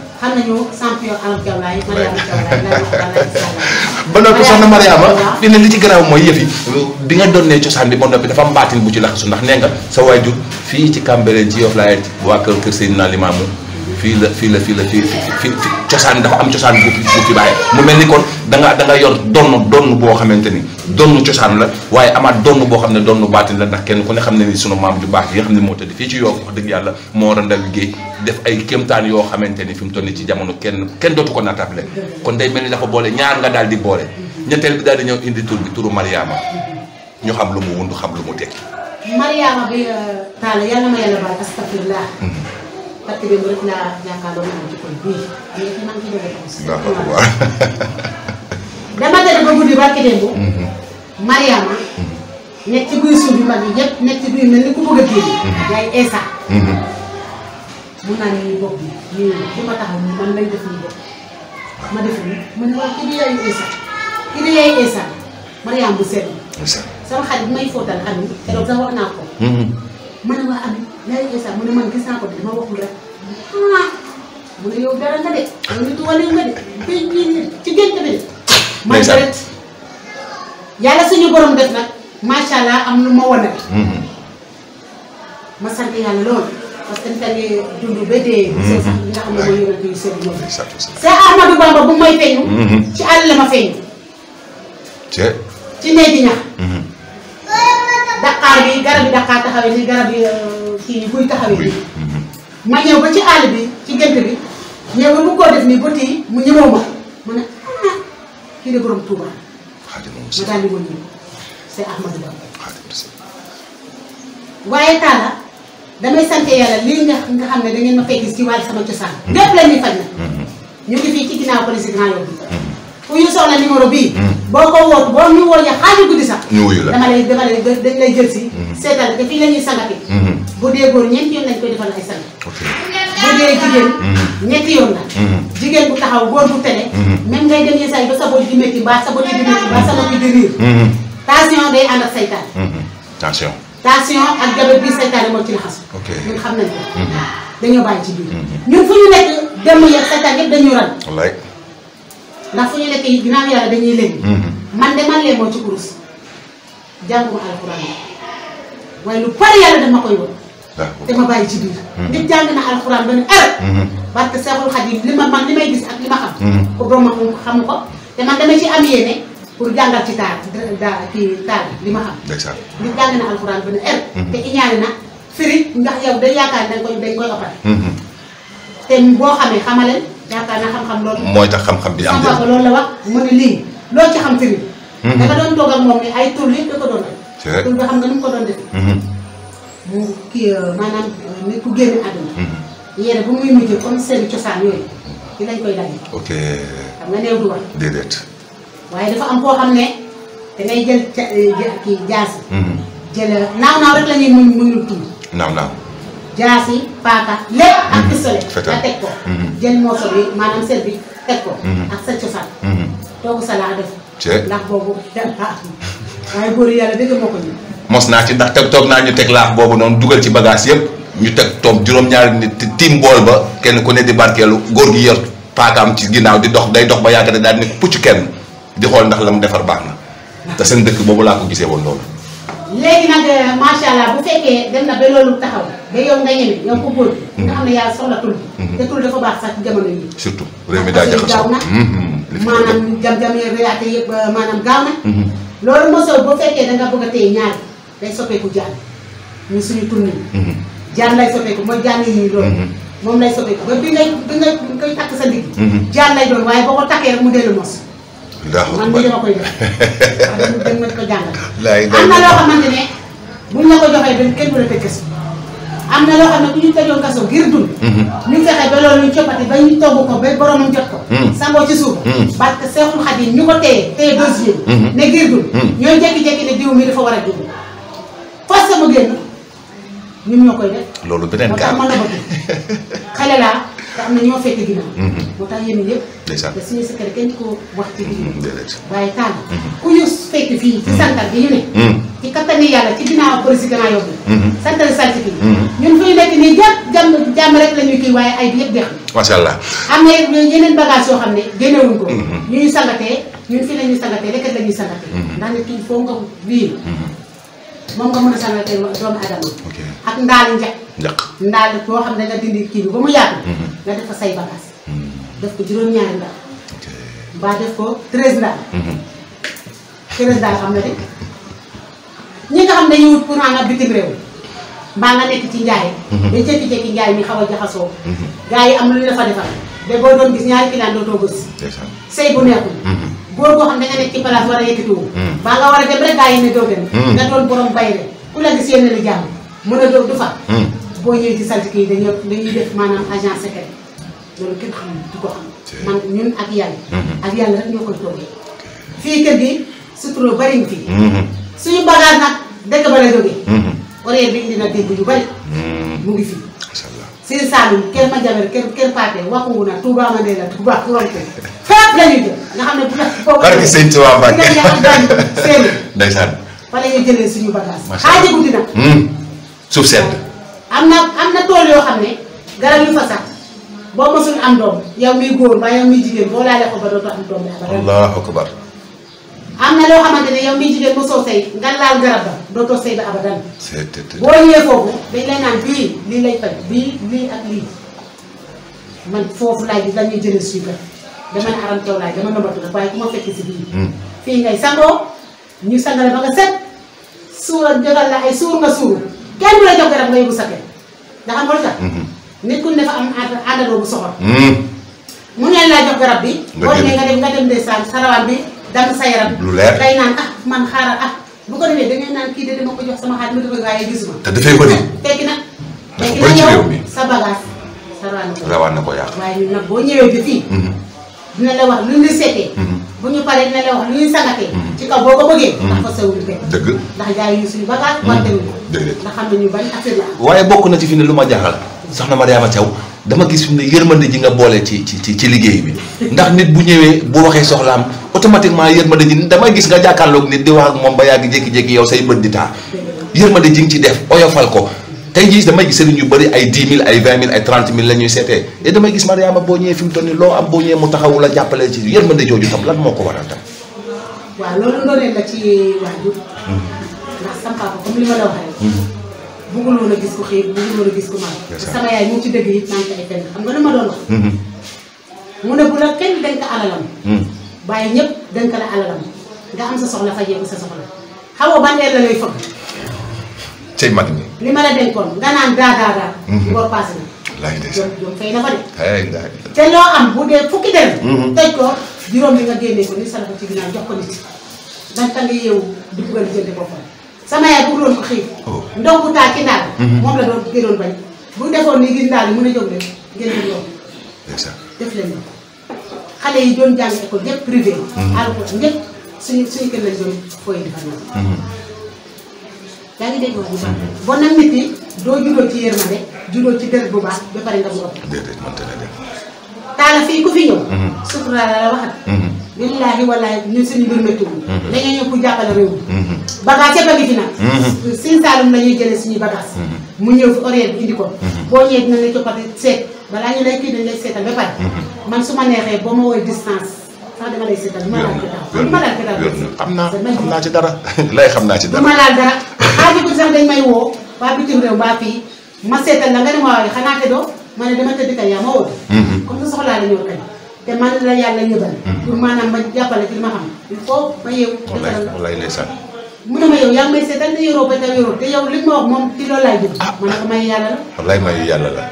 xam (laughs) ba noppi soxna Mariama dina li ci garaaw mooy yëf yi. bi nga donnee cosaan bi ba noppi dafa am baatin bu ci laxasu ndax nee nga sa waajur fii ci Cambérène ci Yoff laa ci waa kër kër Seydina Limamou fii la fii la fii la fii fii cosaan dafa am cosaan bu bu fi bàyyi mu mel ni kon da nga da nga yor donn donn boo xamante ni donn cosaan la waaye amaat donn boo xam ne donn baatin la ndax kenn ku ne xam ne ni sunu maam ju baax yi nga xam ne moo tëdd fii ci yoo wax dëgg yàlla moo randal géej def ay kéemtaan yoo xamante ni fi mu toll nii ci jamono kenn kenn dootu ko naatable kon day mel ni dafa boole ñaar nga daal di boole ñetteel bi daal di ñëw indi tur bi turu Mariama ñu xam lu mu wund xam lu mu tekki Mariama bi euh, Talla yàlla ma yàlla baal astafirlah mm-hmm. parce que démb rek laa jàkkaarloo moom ci koñ bii mais fi maa ngi ci doon réponse. d'accord waaw. dama tëdd ba guddi barki démb. Mariama. nekk mm-hmm. ci guy suuf yu mag yi yëpp nekk ci guy mel ni ku bëgg a génn. Mm-hmm. yaay Essa. Mm-hmm. mun naa ne nii bopp bi nii fi ma taxaw nii man lay def nii bopp ma def nii ma ne waaw ki di yaayu Essa ki di yaayu Essa Mariama bu sell. sama xarit may fóotal xam ni keroog sax wax naa ko. ma ne waa Ami yaay Essa mu ne man gis naa ko de dama waxul rek ah mu ne yow dara de yow nitu wala nga de tey jii ci gént bi de. borom def nag macha allah am lu ma wane. Mhm. ma sant yàlla loolu parce que dañu tànnee dund ba dee. Mhm. seen sax li nga xam ne mooy yore bi seen yoon. sa Ahmadou Bamba bu may feeñu. Mhm. ci àll la ma feeñu. ci néegi ñax. Dakar bi garab yi Dakar taxawee nii garab yi euh, kii buy taxawee nii. ma ñëw ba ci àll bi ci gént bi ñëw ba mu koo def nii bët yi mu ñëwoo ma mu ne ah kii de borom Touba. ma daal di woon ñëw c'est Ahmadou Bamba. waaye Talla damay sant yàlla lii nga nga xam ne da ma fay gis ci sama cosaan. lépp la faj na. Mm-hmm. ñu ngi fii ci ginnaaw président yow. wuyu soxna numéro bii. Hmm. boo ko woo boo ñu woo ñu xaaju guddi sax. ñu wuyu la dama lay dama lay dañ lay jël si. Hmm. seetal te fii la ñuy sangati. Hmm. bu dee góor ñeenti yoon lañ koy defal ay sang. bu dee jigéen. ñetti yoon la. jigéen bu taxaw góor bu tene. même ngay dem yenn yi ba sa bët di métti ba sa bët di métti ba sa bët di riir. tension day ànd ak saytaan. tension. tension ak diabète bi saytaan moo ci la ñun xam nañ ko. dañoo bàyyi ci biir. ñun fu ñu nekk dem yëpp saytaan yëpp dañu ran. ndax fu ñu nekk yi ginnaaw yàlla dañuy léegi mhm. man de man léemoo ci kurus jànguma alxuraan waaye lu bari yàlla dama koy won te ma bàyyi ci biir que mhm. er! mhm. Seexul Xadiim may gis ak li ma xam ko borom te man dama ci am yéene pour jàngal ci da kii taal li ma xam nit jàng na alxuraan ba ne ër er! te iñaani na firi ndax yow dañ koy dañ te boo xamee xamaleen yaakaar naa xam-xam loolu. mooy tax xam-xam bi am njëriñ loolu la wax mu ne lii loo ci xam sëriñ. Mhm. dafa doon toog moom ni ay tur yëpp ko doon def. tur bi xam nga ni mu ko doon def. Mhm. mu kii euh, maanaam euh, nit ku génn àdduna. Mhm. yére bu muy mujjee comme seen cosaan yooyu ci lañ koy daje. ok xam nga néew du déedéet. waaye dafa am koo xam ne dangay jël ca euh, jël naaw naaw rek la ñuy muñ muñul tuuti. naaw naaw. jaasi paaka lépp ak pistolet nga teg ko mhm. jël mooso bi maanaam sel bi teg ko mhm. ak sa cosaan mhm. toogu sa laa def ndax naa ci ndax teg toog naa ñu teg laax boobu noonu dugal ci bagaas yëpp ñu teg toog juróom-ñaari nit tiim bool ba kenn ku ne di barkeelu góor gi yor paakaam ci ginnaaw di dox day dox ba yàgg ne daal di ne pucc kenn di xool ndax la mu defar baax na te seen dëkk boobu laa ko gisee woon loolu léegi nag eh, macha allah bu fekkee dem na ba loolu taxaw ba yow nga ñeme yow ko góor mm-hmm. nga xam ne yàlla soxlatul mm-hmm. te tul dafa baax sax ci jamono yi surtout réew mi daa jaxasoo mm-hmm. maanaam jam-jam yi réyaate yëpp euh, maanaam gaaw na loolu mosoo boo fekkee da nga bëgg a téye ñaar day soppeeku jaan ñu suñu tourné yi jaan lay soppeeku mooy jaan yi loolu moom lay soppeeku ba bi nga bi ngay koy takk sa ndigg jaan lay doon waaye boo ko takkee mu dellu mos man mi dama koy def wax dëgg ma ko jàngal am na loo xamante ne buñ la ko joxee dañ am na loo xam ne bu ñu tëjoon kaso ngir dund. Mhm. ñu fexe ba loolu coppati ba ñu togg ko ba boromam jot mhm. sangoo ci suuf. Mhm. parce que Seexul ñu ko téye téye dossier. ne ngir dund. ñooy jékki-jékki ne diw mi dafa war a dund. force mu génn. ñun ñoo koy def. loolu beneen kaa moo tax ma la bëgg (laughs) xale laa te am na ñoo fekk ginnaaw. Mhm. moo tax yéen yëpp. ndeysaan te suñu secret kenn ko wax ci biir. Mhm, déedéet waaye taal mhm. ku ñu fekk fii. ci santal bi ñu ne. ci kattanu yàlla ci ginnaaw président yóbbu. santal sant bi. ñun fu ñu nekk nii jàpp jàmm jàmm rek la ñuy kii waaye ay bi yëpp dex na. macha allah am na yeneen bagage yoo xam ne génnewuñ ko. ñu ñu sangatee ñun fii la ñuy sangatee rek la sangatee. ndax nit ki foo nga moom nga mën a salwaatee doomu aadama. ak ndaali njaq. njaq boo xam ne nga dindi kii bi ba mu yaatu. Mhm. nga def fa say bagaas. Mhm. def ko juróom-ñaari ndax. mbaa def ko treize ndax. Mhm. treize ndax xam nga de ñi xam ne yu wut pour nga bitim réew. mbaa nga nekk ci njaay. day jékki-jékki njaay mi xaw a jaxasoo. gars yi am lu ñu fa defal. de boo doon gis ñaari kilaan dootoo gis. sëy bu nekkul. góor goo xam ne nga nekk ci place war a yëkkatiwu hmm. maa nga war a dem rek gaa yi ne hmm. nga doon borom bay ku la gis yéen la jàmm mën a doog du fa hmm. boo ñëwee ci saltige yi dañoo dañuy def maanaam agent secret loolu kenn xam du ko xam man ñun ak yàlla ak yàlla rek ñoo koy toogee fii kër gi sutura bari fi suñu bagage nag dëkk ba la jógee horaire bi indi na dégg yu bari mu ngi fi Sine Saalum Kër Madiabel Kër Kër Pathé Wakuna Touba Mandela Touba Kourante fépp la ñuy jël nga xam ne bu la. foofu la ñuy jël sëñ Touba Mbacke seen ndeysaan fa la ñuy jëlee suñu bagage. macha hmm. am na am na tool yoo xam ne garab yu fa sax boo mosul am doom yow miy góor mbaa yow miy jigéen boo laalee ko ba dootoo am doom bi. allahu akbar am na loo xamante ne yow miy jigéen mosoo sëy nga laal garab ba dootoo sëy ba abadan boo ñëwee foofu dañ lay naan bii lii lay faj bii lii ak man foofu laay la ñuy jëlee suy kat dama ne aram teew laay dama nëmbatu nag waaye ku ma fekk hmm. ñu sangale ba nga set suura jogal la ay suur nga suur kenn du la jox garab nga yóbbu sa kër nga xam hmm. nga nit ku ne dafa am àndandoo bu soxor hmm. mu ne laa jox garab bi boo ne nga dem nga dem ndeysaan sarawaan bi danga sa yaram. lu leer day naan ah man xaaral ah bu ko defee da ngay naan kii de dama ko jox sama xaalis ma defal waaye gisuma. te dafay ko nii. fekk na fekk na sa bagage. rawaan na ko yàq waaye ñun boo ñëwee bi fii. Mhm. dina la wax lu ñu seetee. Mhm. bu ñu paree dina la wax lu ñuy sangatee. Mhm. ci kaw boo ko bëggee. ndax fa sawul fekk. dëgg ndax jaay yu suñu bagage. wante wu ñu. dëgg la ndax xam nañu ban affaire la. waaye bokk na ci fi ne lu ma jaaxal soxna Mariama Thiaw dama gis fi mu ne yërmande ji nga boole ci ci ci liggéey bi ndax nit bu ñëwee bu waxee soxlaam automatiquement yërmande ji damay gis nga jàkkaarloog nit di wax ak moom ba yàgg jékki-jékki yow say bët di taa yërmande ji nga ci def oyofal ko tey jii damay gis sëriñ yu bari ay 10 000 ay 20 000 ay 30 000 la ñuy seetee et damay gis Mariama boo ñëwee fi mu toll loo am boo ñëwee mu taxawu la jàppale ci yërmande jooju tam lan moo ko waral tam. waaw loolu nga bëgguloon a gis ko xiif bëgguloon a gis ko mar sama yaay mu ci dëgg yi naan ko ay fenn xam nga dama doon wax mm-hmm. mu ne bu la kenn denk alalam mm. bàyyi ñëpp denk la alalam nga am sa soxla fajee ko sa soxla xaw ma ban la lay fëgg cey mag mi li ma la denkoon nga naan daa daa daa mm-hmm. bor paase na de te loo am bu dee fukki del mm-hmm. toj ko juróom bi nga génnee ko ni salafa ci ginnaaw jox ko nit danga nga yeewu di buggal jënd sama yaay bëgguloon ko xiif ndaw bu taal ci naaj. Mhm. moom la doon gënoon bañ. bu defoon gis naaj yi mën a jóg rek a yomb. def leen ko xale yi jon jàng école ñëpp privé. àll mhm. ko ñëpp suñu suñu kër lañ doon fooy defar noonu. Mhm. yaa ngi bon nag nit yi doo juddoo ci yërmande juddoo ci dër bu baax ba pare nga mu ëpp. déedéet mënta na def. naa la fii ku fi ñëw. Mhm. Mhm. Mhm. a ngi fi nag. Sine balaa ñu lay kii dañ lay seetal ba pare. man su ma neexee boo ma woowee distance. sax dama ma laal gitaar ma laal gitaar xam naa xam naa ci dara (laughs) lay xam naa ci dara ma laal dara xaaju bi sax dañ may woo waa bitim réew mbaa fii ma seetal la nga ne ma xanaa te ma ne dama tëdd kay yaa ma woo. Mhm. comme que soxlaa la ñëw kay. te man la yàlla yëbal. Mhm. pour maanaam ma jàppale ci li ma xam. il faut ma yeewu. walaay walaay ndeysaan. mu ne ma yow yaa ngi may seetal te yoroo ba te yoroo te yow li ma wax moom ci loolu laay jëm. ah man ko may yàlla la. walaay mayu yàlla la.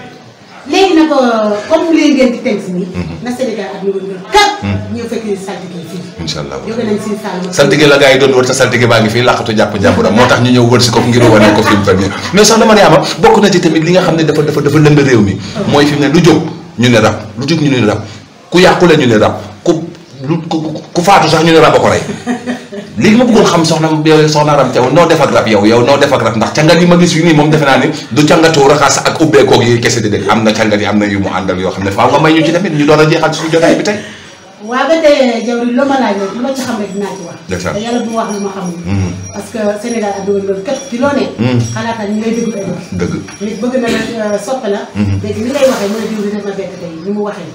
léegi nag euh, comme léegi ngeen di si nii. Mhm. na Sénégal ak ñu wër ngeen kat. ñu fekkee saltige fii. incha allah jóge nañ si Saloum. saltige la gars yi doon wër te saltige baa ngi fii làqatu jàpp jàppuram moo tax ñu ñëw wër si ko ngir ne ko fi mu toll mais soxna Mariama bokk na ci tamit li nga xam ne dafa dafa dafa lëmb réew mi. mooy fi mu ne lu jóg ñu ne rab lu jóg ñu ne rab ku yàqule ñu ne rab ku lu ku faatu sax ñu ne rab a ko rey. (laughs) léegi ma bëggoon xam soxna soxna Arame Thiaw noo def ak rab yow yow noo def ak rab ndax cangat yi ma gis yu nii moom defe naa ni du cangatu raxas ak ubbeekoog yi kese di am na cangat yi am na yu mu àndal yoo xam ne faaw nga may ñu ci tamit ñu doon a jeexal suñu jotaay bi tey waaw ba tey jawri loo ma laaj lu ci xam rek dinaa ci wax. te yàlla bu ma wax lu ma xamul. Mhm. parce que Sénégal àdduna loolu képp ki loo ne. Mhm. xalaatal ñu lay déglu dëgg nit bëgg na la euh, soppe la. Mhm. léegi li ngay waxee a diwli mu waxee.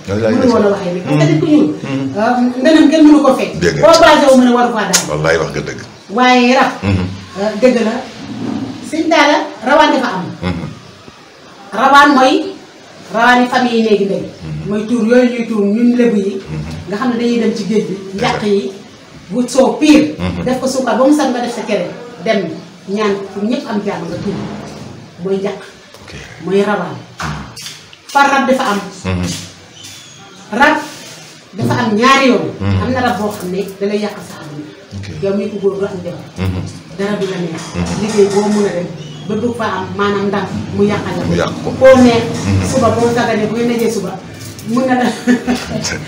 woon a waxee nii. parce que nit ku ñuul. Euh, ko fekk. dëgg la boo basé wu mën a war faa daal. wallaay wax nga dëgg. waaye rab. Euh, dëgg la sëñ daala rawaan dafa am. rawaan mooy. rawaani famille yi léegi léegi mhm. mooy tuur yooyu ñuy tuur ñun lébu yi mhm. nga xam ne dañuy dem ci géej bi yi wut soo piir mhm. def ko suukar ba mu sax nga def sa kere dem ñaan pour am jàmm nga tuur mooy njàq mooy rawaan far rab dafa am rab dafa am ñaari yoon am na rab boo xam ne da yàq sa àdduna yow mii ko góor am jabar dara du la neex liggéey boo mun a dem ba dugg fa am maanaam ndam mu yàqal la. mu yàq ko koo neex. Mhm. suba boo sàgganee bu ngeen dajee suba mun na la.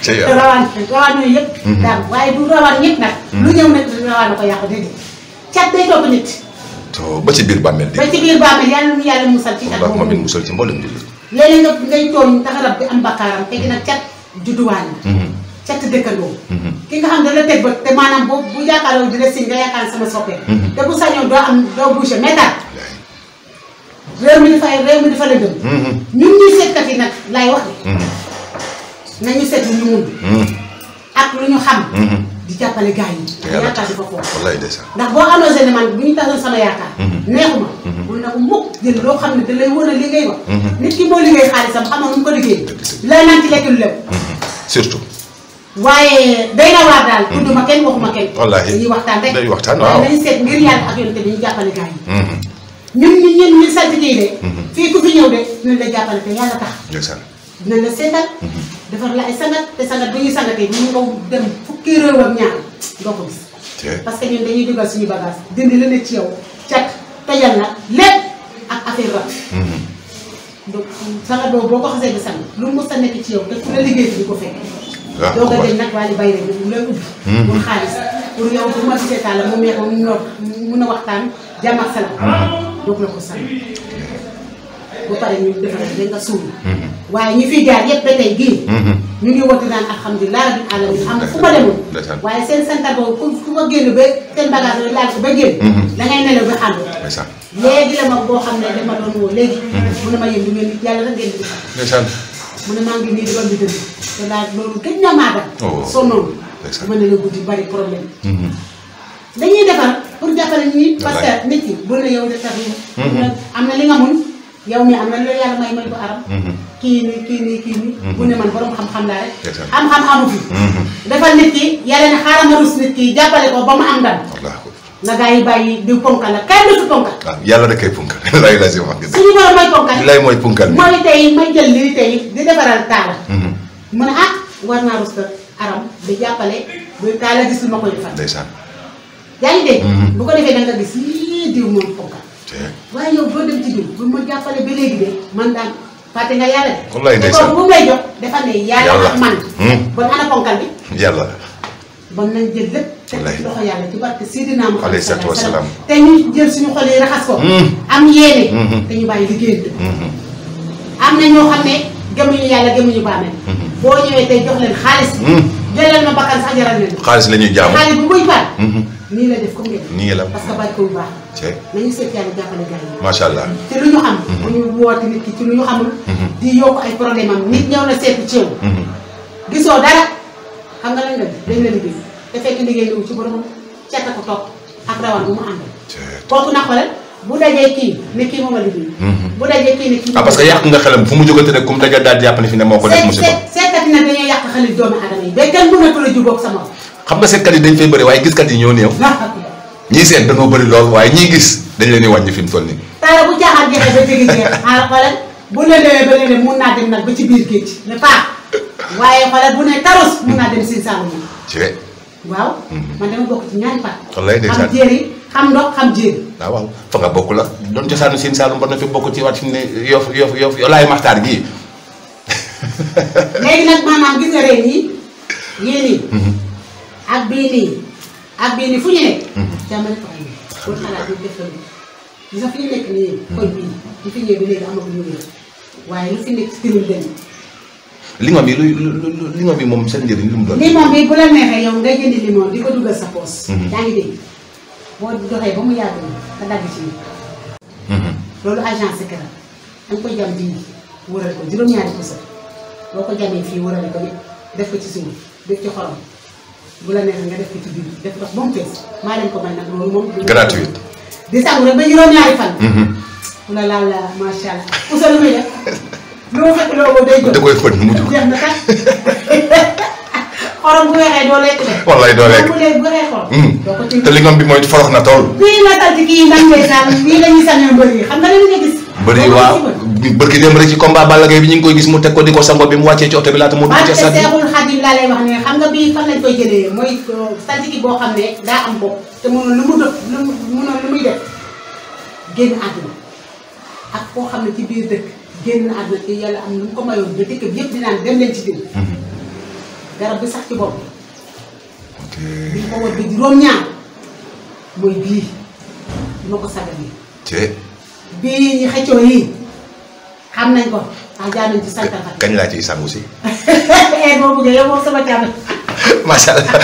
ca (laughs) rawaan rawaan mhm. na mhm. ko yàq déedéet cat day ba bi. ba ci biir bàmmeel yàlla nu yàlla musal ci. ak moom moom it musal ci mboolem bi. léeg-léeg nga ngay tooñ tax rab bi te nag cat judduwaay la. cat nga xam ne da la teg ba te maanaam boo bu yaakaaroo dina si nga yaakaar sama soppee. te bu sañoon doo am doo bouché métal. réew mi dafay réew mi dafa la jëm. Mm-hmm. ñun ñuy seetkat yi nag laay wax ni mm-hmm. nañu seet lu ñu mun. Mm-hmm. ak lu ñu xam. di jàppale gars yi. yaakaar di ko foofu. wallaay ndeysaan ndax boo annoncé ne man bu ñu taxoon sama yaakaar. neexuma. bul na ko mukk jël loo xam ne da lay wóor a li ngay wax. nit ki boo liggéey xaalisam xamoon nu mu ko liggéey. la naan ci lekk lu lépp. surtout. waaye day na waar daal. tudduma kenn waxuma kenn. waxtaan rek. day waxtaan waaw waaye nañu seet ngir yàlla ak yoon te dañuy jàppale gars yi. ñun ñi ñun ñun saltige yi de. Mhm. fii ku fi ñëw de ñun la jàppale te yàlla tax. ndeysaan dinañ la seetal. Mhm. defar la ay sangat te sangat bu ñuy sangatee ñu ko dem fukki réew ak ñaar doo ko gis. parce que ñun dañuy dugal suñu bagage dindi la ne ci yow ca tojal la lépp ak affaire rab. Mhm. donc sangat boo ko xasee di sang lu mu sa a nekk ci yow te fu la liggéey bi di ko fekk. Ah, doo ko jël nag waa li bay rek mu lay ubbi. pour xaalis pour yow bu ma gisee taal la mu neex ba mu a waxtaan jàmm ak salaam. doog la ko sànni bu pare ñu defaral da mhm. waaye ñu fiy jaar yëpp gii mhm. ñu ngi woote naan alhamdulilah rabbil alamin am fu ma demoon waaye seen santar boobu ku ku ma génn ba seen bagage yooyu laal ko ba génn mhm. da ngay nelaw ba ànd léegi la ma boo xam ne dama doon woo léegi mu a ma yéen ñu ngeen di yàlla la ngeen di ndeysaan mu ne maa ngi nii di doon di dënd te daal loolu gëj na maa dal oh. soo noonu ma ne dañuy defar pour jàppale nit parce que nit ki bu la yow de tax mhm. am na li nga mun yow mii am na loolu yàlla may may bu aram mhm. kii nii kii nii kii nii bu mhm. ne man borom xam-xam laa rek am xam amu fi defal nit ki yàlla ne xaaral ma rus nit ki jàppale ko ba mu am dal na gaa yi bàyyi di ponkal la kay lu si ponkal ah, (laughs) lay mooy ponkal lay mooy ponkal mooy tey di defaral taala mu ne ah war naa rus aram di jàppale buy ma koy defal yaa ngi dégg. Mhm. bu ko defee da nga gis yii diw moom foog waaye yow doo dem ci diw bu ma jàppale ba léegi de man daan fàtte nga yàlla de. wallaay ndeysaan te bu may jox dafa ne yàlla ak man. bon hmm. ana ponkal bi. yàlla. bon nañ jël lépp. wallaay teg loxo yàlla ci barke Seydina Muhammad. alayhi salaatu wa salaam te ñu jël suñu xol yi raxas ko. Hmm. am yéene. Hmm. te ñu bàyyi liggéey bi. am na ñoo xam ne gëmuñu yàlla gëmuñu bàmmeel. boo ñëwee tey jox leen xaalis. jëlal ma bakkan sax leen. xaalis la ñuy xaalis bu muy baal. nii la def comme nii la parce que bàyyi ko bu baax. c'est nañu seet yàlla jàppale gars yi. macha allah te lu ñu xam. bu mhm. ñu woote nit ki ci lu ñu xamul. Mhm. di yokk ay problème am nit ñëw na seet ci yow. Mhm. gisoo dara xam nga lan nga def dañ la liggéey te fekk liggéey lu ci boromam cata ko topp ak rawal bu mu àndal. kooku na xoolal bu dajee kii ne kii moom a liggéey. bu dajee kii ne kii. ah parce que yàq nga xelam fu mu jógante rek comme dajal daal jàpp ne fi ne moo ko def. musiba seet seet seetati na dañuy yàq xel doomu aadama yi ba kenn mënatul a jubóog sa morom xam nga seetkat yi dañ fay bëri waaye giskat yi ñoo néew. ñii seet dañoo bëri lool waaye ñii gis dañ leen di wàññi fi mu toll nii. tey bu jaaxal jeexee ba jéggi jeex (laughs) ah, xaaral naa bokk la doon cosaanu siin Saalum bokk ci waat fi mu ne gis nga reen yi yéen ak bii nii ak bii nii fu ñu nekk. Mhm. jamono ko amee. boo xalaat ñu def fi ñu nekk nii. koñ léegi amaguñu lu bi lu lu limon bi moom seen njëriñ lu mu doon. di ko dugal sa poos. Mhm. yaa ngi boo doxee ba mu yàgg nga dagg ci mhm. loolu agent secret da nga koy jam di wërale ko juróom-ñaari puso boo ko jamee fii wërale ko def ko ci suuf def ci xorom. bu la neexee nga def ko ci biir def ko ba mu fees maa leen ko may nag loolu moom. gratuite. di sangu rek ba juróom-ñaari fan. bu mhm. la laal macha allah Ousseynou lu muy def. lu ma fekk loolu day jóg da koy mu jóg jeex na kat. (laughs) xorom bu weexee doo lekk de. wallaay doo lekk hmm. te li ngom bi mooy forox na tool. kii la tal ci kii nga ñu ngi koy gis mu teg ko di ko sango bi mu wàccee ci oto bi laata moo dugg ca sànni. Seexul Xadim laa lay euh, boo xam ne daa am bopp te mënoon lu mu def lu mu def génn àdduna ak koo xam ne ci biir dëkk génn àdduna te yàlla am lu mu ko mayoon ba dëkk bi yëpp di naan dem leen ci biir hmm. garab bi sax ci bopp bi ñu ko wër bi juróom-ñaar mooy bii dina ko sagal yi te bii ñi xëccoo yi xam nañ ko ah jaar nañ ci santal kañ laa ciy sangu si. (laughs) Eh, boo bëggee yow moom sama càmm (laughs) macha allah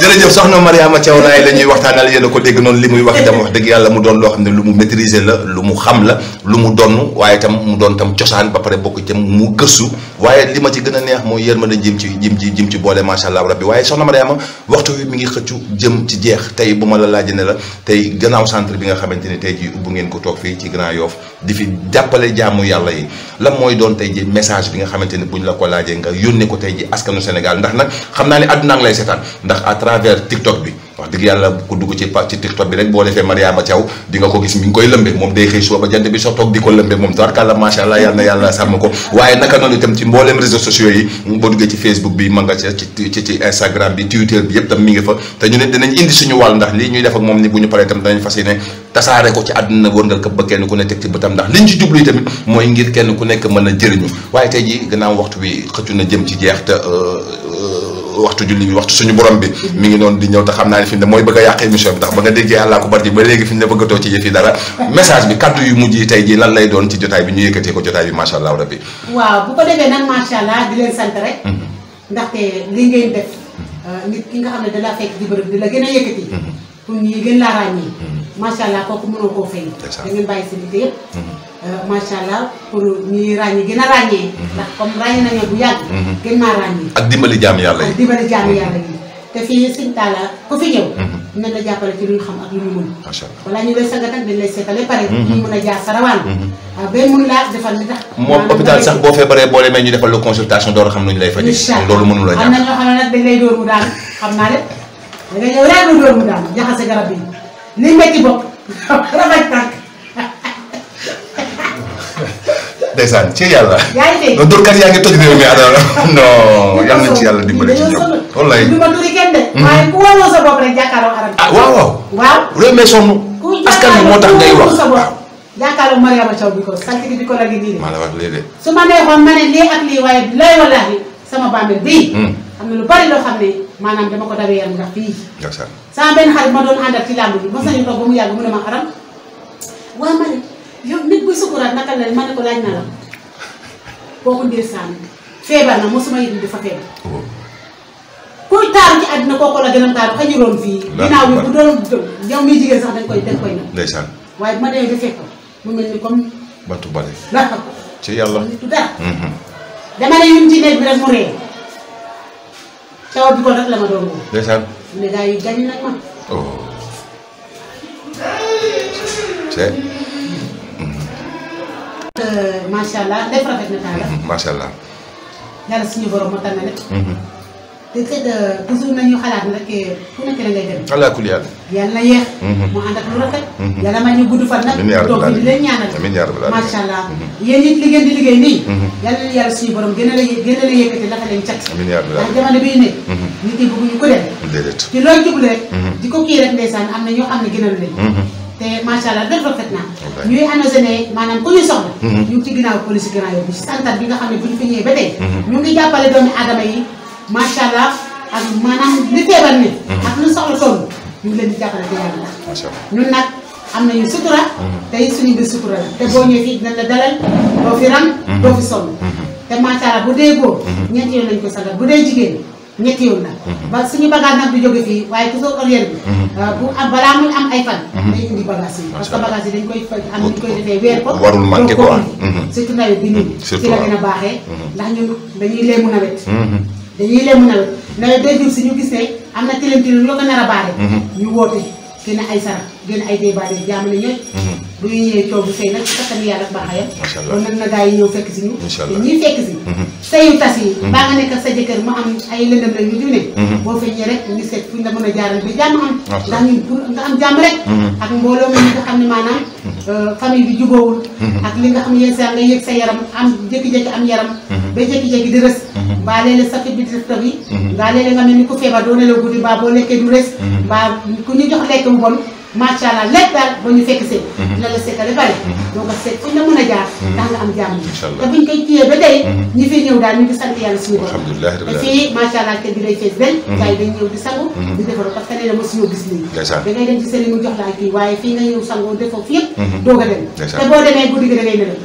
jërëjëf soxna Mariama Thiaw Laye la ñuy waxtaanal yéen a ko dégg noonu li muy wax itam wax dëgg yàlla mu doon loo xam ne lu mu maîtriser la lu mu xam la lu mu donn waaye itam mu doon tam cosaan ba pare bokk itam mu gëstu waaye li ma ci gën a neex mooy yërmande jëm ci jëm ci jëm ci boole macha allah rabbi waaye soxna Mariama waxtu wi mi ngi xëccu jëm ci jeex tey bu ma la laajee ne la tey gannaaw centre bi nga xamante ni tey ji ubbu ngeen ko toog fii ci Grand Yoff di fi jàppale jaamu yàlla yi lan mooy doon tey ji message bi nga xamante ni buñ la ko laajee nga yónnee ko tey ji askanu Sénégal ndax nag àdduna a ngi lay seetaan ndax à TikTok bi wax dëgg yàlla ku dugg ci ci TikTok bi rek boo defee Mariama Thiaw di ko gis mi ngi koy lëmbe moom day xëy suba ba jant bi so toog di ko lëmbe moom tabarkàlla macha allah yàlla na yàlla sàmm ko waaye naka noonu itam ci mbooleem réseaux sociaux yi boo duggee ci Facebook bi ma nga ci ci Instagram bi Twitter bi yëpp tam mi ngi fa te ñu ne dinañ indi suñu wàll ndax lii ñuy def ak moom ni bu ñu paree itam waxtu julli bi waxtu suñu borom bi mhm. mi ngi noonu di ñëw te xam naa ne fi mu ne mooy bëgg a yàq émission bi tax ba nga déggee Allaahu akbar ji ba léegi fi mu ne bëggatoo ci yëf yi dara message bi kaddu yu mujj yi tey jii lan lay doon ci jotaay bi ñu yëkkatee ko jotaay bi macha allah waaw bu ko defee nag macha allah di leen sant rek mhm. ndaxte li ngeen def mhm. euh, nit ki nga xam ne da fekk di bërëb di la gën a yëkkati pour ñi gën laa ràññi macha allah kooku mënoo Euh, macha allah pour ñuy ràññee gën a ràññee. Mhm. ndax comme ràññee nañu bu yàgg. Mhm. gën maa ràññee. ak dimbali jaam yàlla yi ak dimbali te fii sëñ Talla ku fi ñëw. dinañ mhm. la jàppale ci lu ñu xam ak lu ñu mën. macha ñu lay sagat dañ lay seetale pare. ñu mën a jaar sa rawaan. waaw ah, ba mun laa defal li tax. moom hôpital sax boo feebaree boo demee ñu defal la consultation door a xam lu ñu lay fajee. incha loolu mënul la ñàkk xam ne nag dañ lay naa rek da nga ñëw rek lu dóor mu daal jaxase garab yi li metti bopp (laughs) ndeysaan ci yàlla. yaa ngi dégg dóorkat yaa ngi toj réew mi alors (laughs) non yal nañ ci yàlla dimbale ci ñoom. wallaay ma duri kenn mhm. waaye ku waroo sa bopp rek jàkkaaroo xaram. ah waaw bi moo tax ngay wax jàkkaarloo Mariama wax lii ma neexoon sama bàmmeel bii. Hmm. am na lu bari loo xam ne maanaam dama ko dawee yaram ndax fii. sama benn xarit ma doon àndal ci làmb bi mos nañu toog ba ne ma xaram waa ma ne yow nit bu sukuraat naka la ma ne ko laaj na la kooku ndir sànn feebar na mosuma yëg dafa feebar. Oh. kuy taaru ci àddina kooku la gën a taaru xajuloon fii. ginnaaw bi bu doon yow miy jigéen sax dañ koy dañ koy nag. mu mel ni comme. ko ci yàlla. nitu mm-hmm. dama ne yum ci néeg bi rek mu ree cawa bi ko rek la ma doon woo. ndeysaan. ne gars yi gañ nañ ma. oh. Euh, macha allah def rafet na taal. macha allah. yàlla suñu borom moo tànn rek. Mhm. te xëy na toujours nañu xalaat ne rek ku nekk la ngay dem. na yéex. Mhm. mu ànd ak mhm. gudd fan nag. amiin yaa rabbal aalamiin toog di leen ñaanal. allah. yéen it li ngeen di liggéey nii. yàlla na yàlla suñu borom gën a la gën a la yëkkati lafa leen cat. amiin yaa rabbal aalamiin ndax jamono bii ne. nit yi ko dem. déedéet ci looy jublu di ko kii rek ndeysaan am na ñoo am ne gënalu leen te macha allah lépp rafet na. ñuy annoncé ne maanaam ku ñu soxla. Mhm. ñu ngi ci ginnaaw police Grand Yoff bi bi nga xam ne bu ba tey. Mhm. ñu ngi jàppale doomi aadama yi macha allah ak maanaam li feebar ni mhm. ak lu soxla toll ñu ngi leen di jàppale di yàlla. macha allah ñun nag am nañu sutura. tey suñu mbir sutura la te boo ñëwee fii dinañ la dalal doo fi ram doo fi sonn. te macha allah bu dee góor. ñeenti yoon nañ ko sagal bu dee jigéen. ñetti yoon nag. Mhm. ba suñu bagage nag du jóge fii waaye toujours horaire bi. Mhm. Euh, bu am balaa muy am ay fan. Mhm. day indi bagage yi parce que bagage yi dañ koy fay am ñu koy defee weer ko. warul manqué quoi surtout nawet bi ñun. a baaxee. nawet. dañuy leemu si ñu gis ne am na tilim tilim loo ko nar a baare. ñu woote kii na ay sarax. gën ay débat de jaamale ñooy mhm. bu ñu ñëwee coow bu sëy nag ci kattan yàlla baaxayam kon nag na gars yi ñëw si ñu ñuy fekk si mhm. sëyu tas yi mhm. baa nga sa jëkkër am ay lëndëm la ñu boo feññee rek ñu seet fu ñu la a jaaral bi jàmm am ndax ñun pour nga am jàmm maanaam euh, famille bi jubóowul ak li nga xam ne sa saa nga yëg sa yaram am jékki-jékki am yaram ba jékki-jékki di rës mbaa léeg sa fit bi di def tafi mbaa léeg-léeg nga mel ni ku feebar doo nelaw guddi mbaa boo lekkee du rës mbaa ku ñu jox lekk bu macha allah lépp ba ñu fekk seen. Mhm. dina la seetale bari. Mhm. doo ko seet fi nga mën a jaar. Mhm. ndax nga am jàmm. incha allah te buñ koy téye ba tey. ñi fi ñëw daal ñu di sangu. di defaroo parce que nee na mosuñoo gis nii. ndeysaan dem ci sëriñ mu jox laa kii waaye fii nga ñëw sangoo defoo fi yëpp. doog a te boo demee guddi gi nelaw.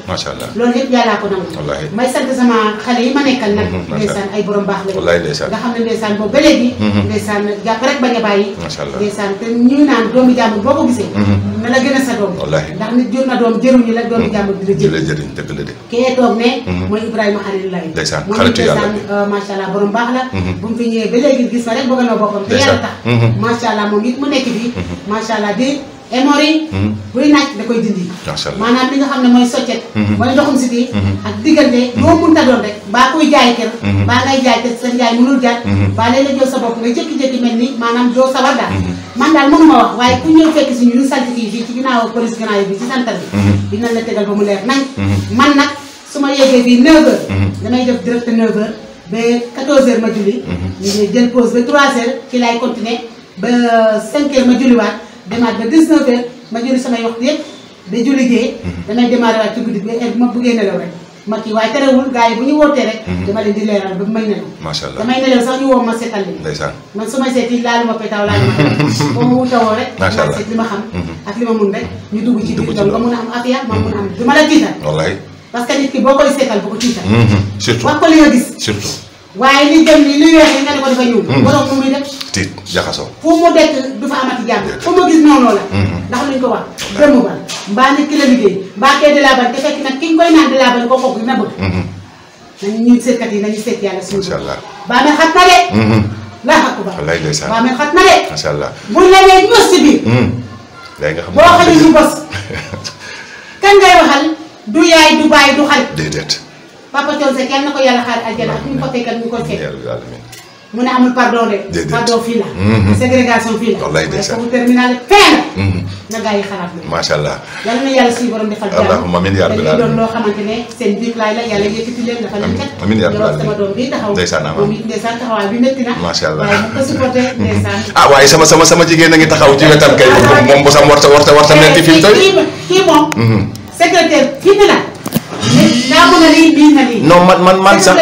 loolu yëpp yàllaa ko nangu. may sant sama xale yi ma nekkal nag. ndeysaan ay borom baax la. wallaahi nga xam ne ndeysaan boobu ba a bàyyi. boo ko gisee. Mhm. na la gën a sa doom. ndax nit jur na doom jëruñu la doomu mhm. jàmbur di la jëriñ. di la jëriñ dëgg la de. kee toog ne. Mhm. mooy Ibrahima Alioune Laye. ndeysaan euh, moom it mu nekk fii. macha allah di émoor buy naaj da koy dindi. maanaam li nga xam ne mooy soccet. wala ndoxum si fii. ak diggante boo mënta doon rek. baa koy jaay kër. baa ngay jaay kër sa njaay mënul jaay. baa léeg-léeg jël sa bopp nga jékki-jékki mel ni maanaam doo sawar daal. man daal mënuma wax waaye ku ñëw fekk si ñun sant kii fii ci ginnaaw police gannaaw bi ci santal bi mhm. dinañ la tegal ba mu leer nañ mhm. man nag su ma yeggee fii 9 mhm. damay def direct 9h ba 14h ma julli ñu jël pause ba 3h ci laay continuer ba 5h ma julliwaat demaat ba 19 ma julli sama waxtu yëpp ba julli gee damay démarrer waat ci guddi bi heure bu ma bëggee nelaw rek ma kii waaye terewul gars yi bu ñu wootee rek. Mhm. dama leen di leeral ba may nelaw. macha allah damay nelaw sax ñu woo ma seetal leen. ndeysaan man su may seeti laalu ma petaaw laalu ma xam. (laughs) ba mu wutawoo rek. macha allah li ma xam. Mhm. ak li ma mun rek mhm. ñu dugg ci biir doom ba mun a am afiya ma mun a am du ma la tiital. wallaay parce que nit ki boo koy seetal bu ko tiital. surtout. waaye li jëm li li weex nga ne ko dafa ñëw. borom hmm. nu muy def. tiit jaxasoo. fu mu dekk du fa amati jàmm. fu mu gis noonu loola. Hmm. ndax luñ ko wax. dëmm ba mbaa nit ki la liggéey mbaa kee di laa bañ te fekk nag ki nga koy naan di laa bañ ko kooku na bëgg. Hmm. nañ ñun seetkat yi nañu seet yàlla suñu. incha allah baa mel na de. laa xakku ba. la nee ños si biir. léegi nga xam boo xamee ñu bos. kan ngay waxal du yaay du baay du xarit. papa Thione Seck yal na ko yàlla xaar àjjana ak ñu ko fekkal ñu ko fekk mu ne amul pardon de pardon fii la ségrégation fii la wallaay ndeysaan bu terminal fenn na gaa yi xalaat la macha allah yal na yàlla suñu borom defal jàmm allahumma amiin yaa rabbal aalamiin doon loo xamante ne seen biir laay la yàlla yëkkati leen dafa leen kat amiin yaa rabbal aalamiin sama doom bi taxaw ndeysaan moom it ndeysaan taxawaay bi métti na macha allah waaye ko supporté ndeysaan ah waaye sama sama sama jigéen a ngi taxaw ci wetam kay moom bosam warta warta warta metti fi mu toll kii moom secrétaire fii na non man man man sax.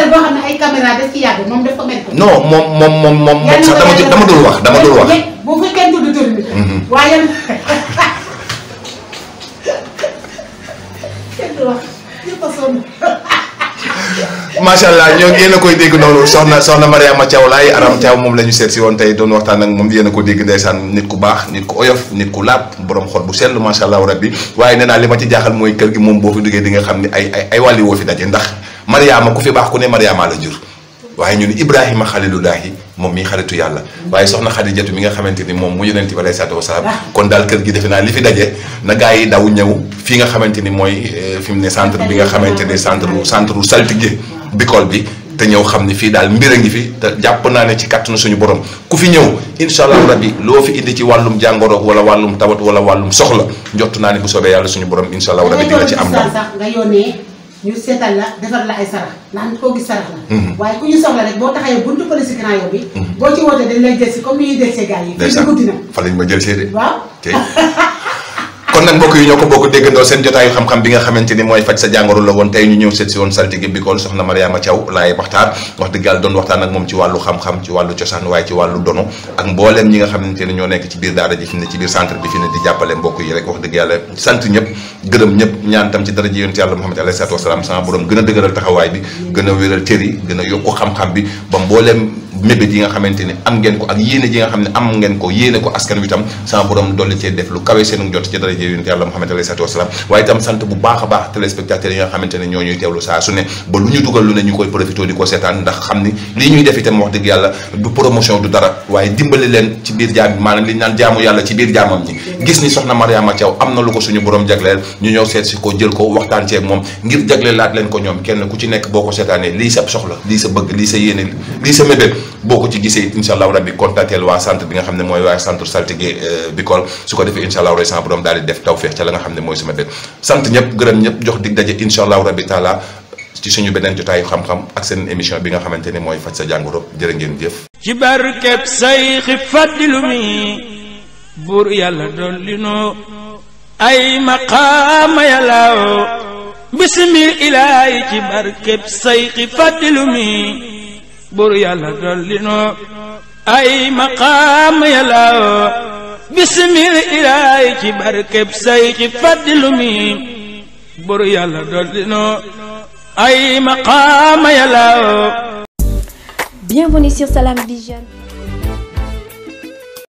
non moom moom moom moom sax dama dama dul wax dama dul wax. Mhm. waaye. (laughs) macha allah ñoo yéen koy dégg noonu soxna soxna Mariama Thiaw laay Aram Thiaw moom la seet si woon tey doon waxtaan ak moom yéen a ko dégg ndeysaan nit ku baax nit ku oyof nit ku laab borom xol bu sell mooy kër gi moom boo fi duggee di nga xam ne ay ay ay wàlli woo fi daje ndax Mariama ku fi baax ku ne Mariama la moom xaritu yàlla waaye soxna Xadijatu mi nga xamante ni moom mu yonent bi alayhi salaatu wasalaam ah. kon daal kër gi defe naa li fi daje na gaa yi daw ñëw fii nga xamante ni mooy eh, fi mu ne centre bi nga xamante ne centre centre saltige bikool bi te ñëw xam ni fii daal mbir a ngi fi te jàpp naa ne ci kàttanu suñu borom ku fi ñëw incha allahu rabbi loo fi indi ci wàllum jàngoro wala wàllum tawat wala wàllum soxla njott naa ne bu soobee yàlla suñu borom incha allahu rabbi di nga ci am ndam sax nga yónnee ñu seetal la defar la ay sarax ndax nit koo gis sarax la mhm. waaye ku ñu soxla rek boo taxawee buntu police Grand Yoff bi mhm. boo ci wootee dañ lay jël si comme ni ñuy jël yi fii guddi ma jël see (laughs) kon nag mbokk yi ñoo ko bokk déggandoo seen jotaayu xam-xam bi nga xamante ni mooy faj sa jàngoro la woon tey ñu ñëw seet si woon saltige Bikol soxna Mariama Thiaw laay waxtaan wax dëgg doon waxtaan ak moom ci wàllu xam-xam ci wàllu cosaan waaye ci wàllu dono ak mbooleem ñi nga xamante ni ñoo nekk ci biir daara ji fi ne ci biir centre bi fi ne di jàppale mbokk yi rek wax dëgg yàlla sant ñëpp gërëm ñëpp ci daraja yonent yàlla Muhammad mébét yi nga xamante ne am ngeen ko ak yéene ji nga xam ne am ngeen ko yéene ko askan wi itam sama borom dolli cee def lu kawe seenu jot ci daraje yonent a baax yi nga xamante ne ñoo ñuy teewlu saa su ne ba lu ñu dugal lu ne ñu koy profité di ko seetaan ndax xam ni li ñuy def itam wax dëgg yàlla du promotion du dara waaye dimbali leen ci biir jaam bi maanaam li naan jaamu yàlla ci biir jaamam ñi gis ni soxna Mariama Thiaw am na lu ko suñu borom jagleel ñu ñëw seet si ko jël ko waxtaan ceeg moom ngir jagle laat leen ko ñoom kenn ku nekk boo ko seetaanee lii sa soxla lii boo ko ci gisee incha allahu rabbi contactel waa centre bi nga xam ne mooy waa centre saltige euh, Bicol su ko defee incha allahu rabbi sama def tawfeex ca la nga xam ne mooy sama bët sant ñëpp gërëm ñëpp jox dig daje incha allahu rabbi taala ci suñu beneen jotaayu xam-xam ak seen émission bi nga xamante ne mooy faj sa jàngoro jërë ngeen jëf. ci barkeb say xi fàddilu mi buur yàlla dolli noo ay buru yàlla dolli noo ay maqaam yàlla bismil ilaay ci barkeb say ci faddilu mi buru yàlla dolli noo ay maqaam yàlla Bienvenue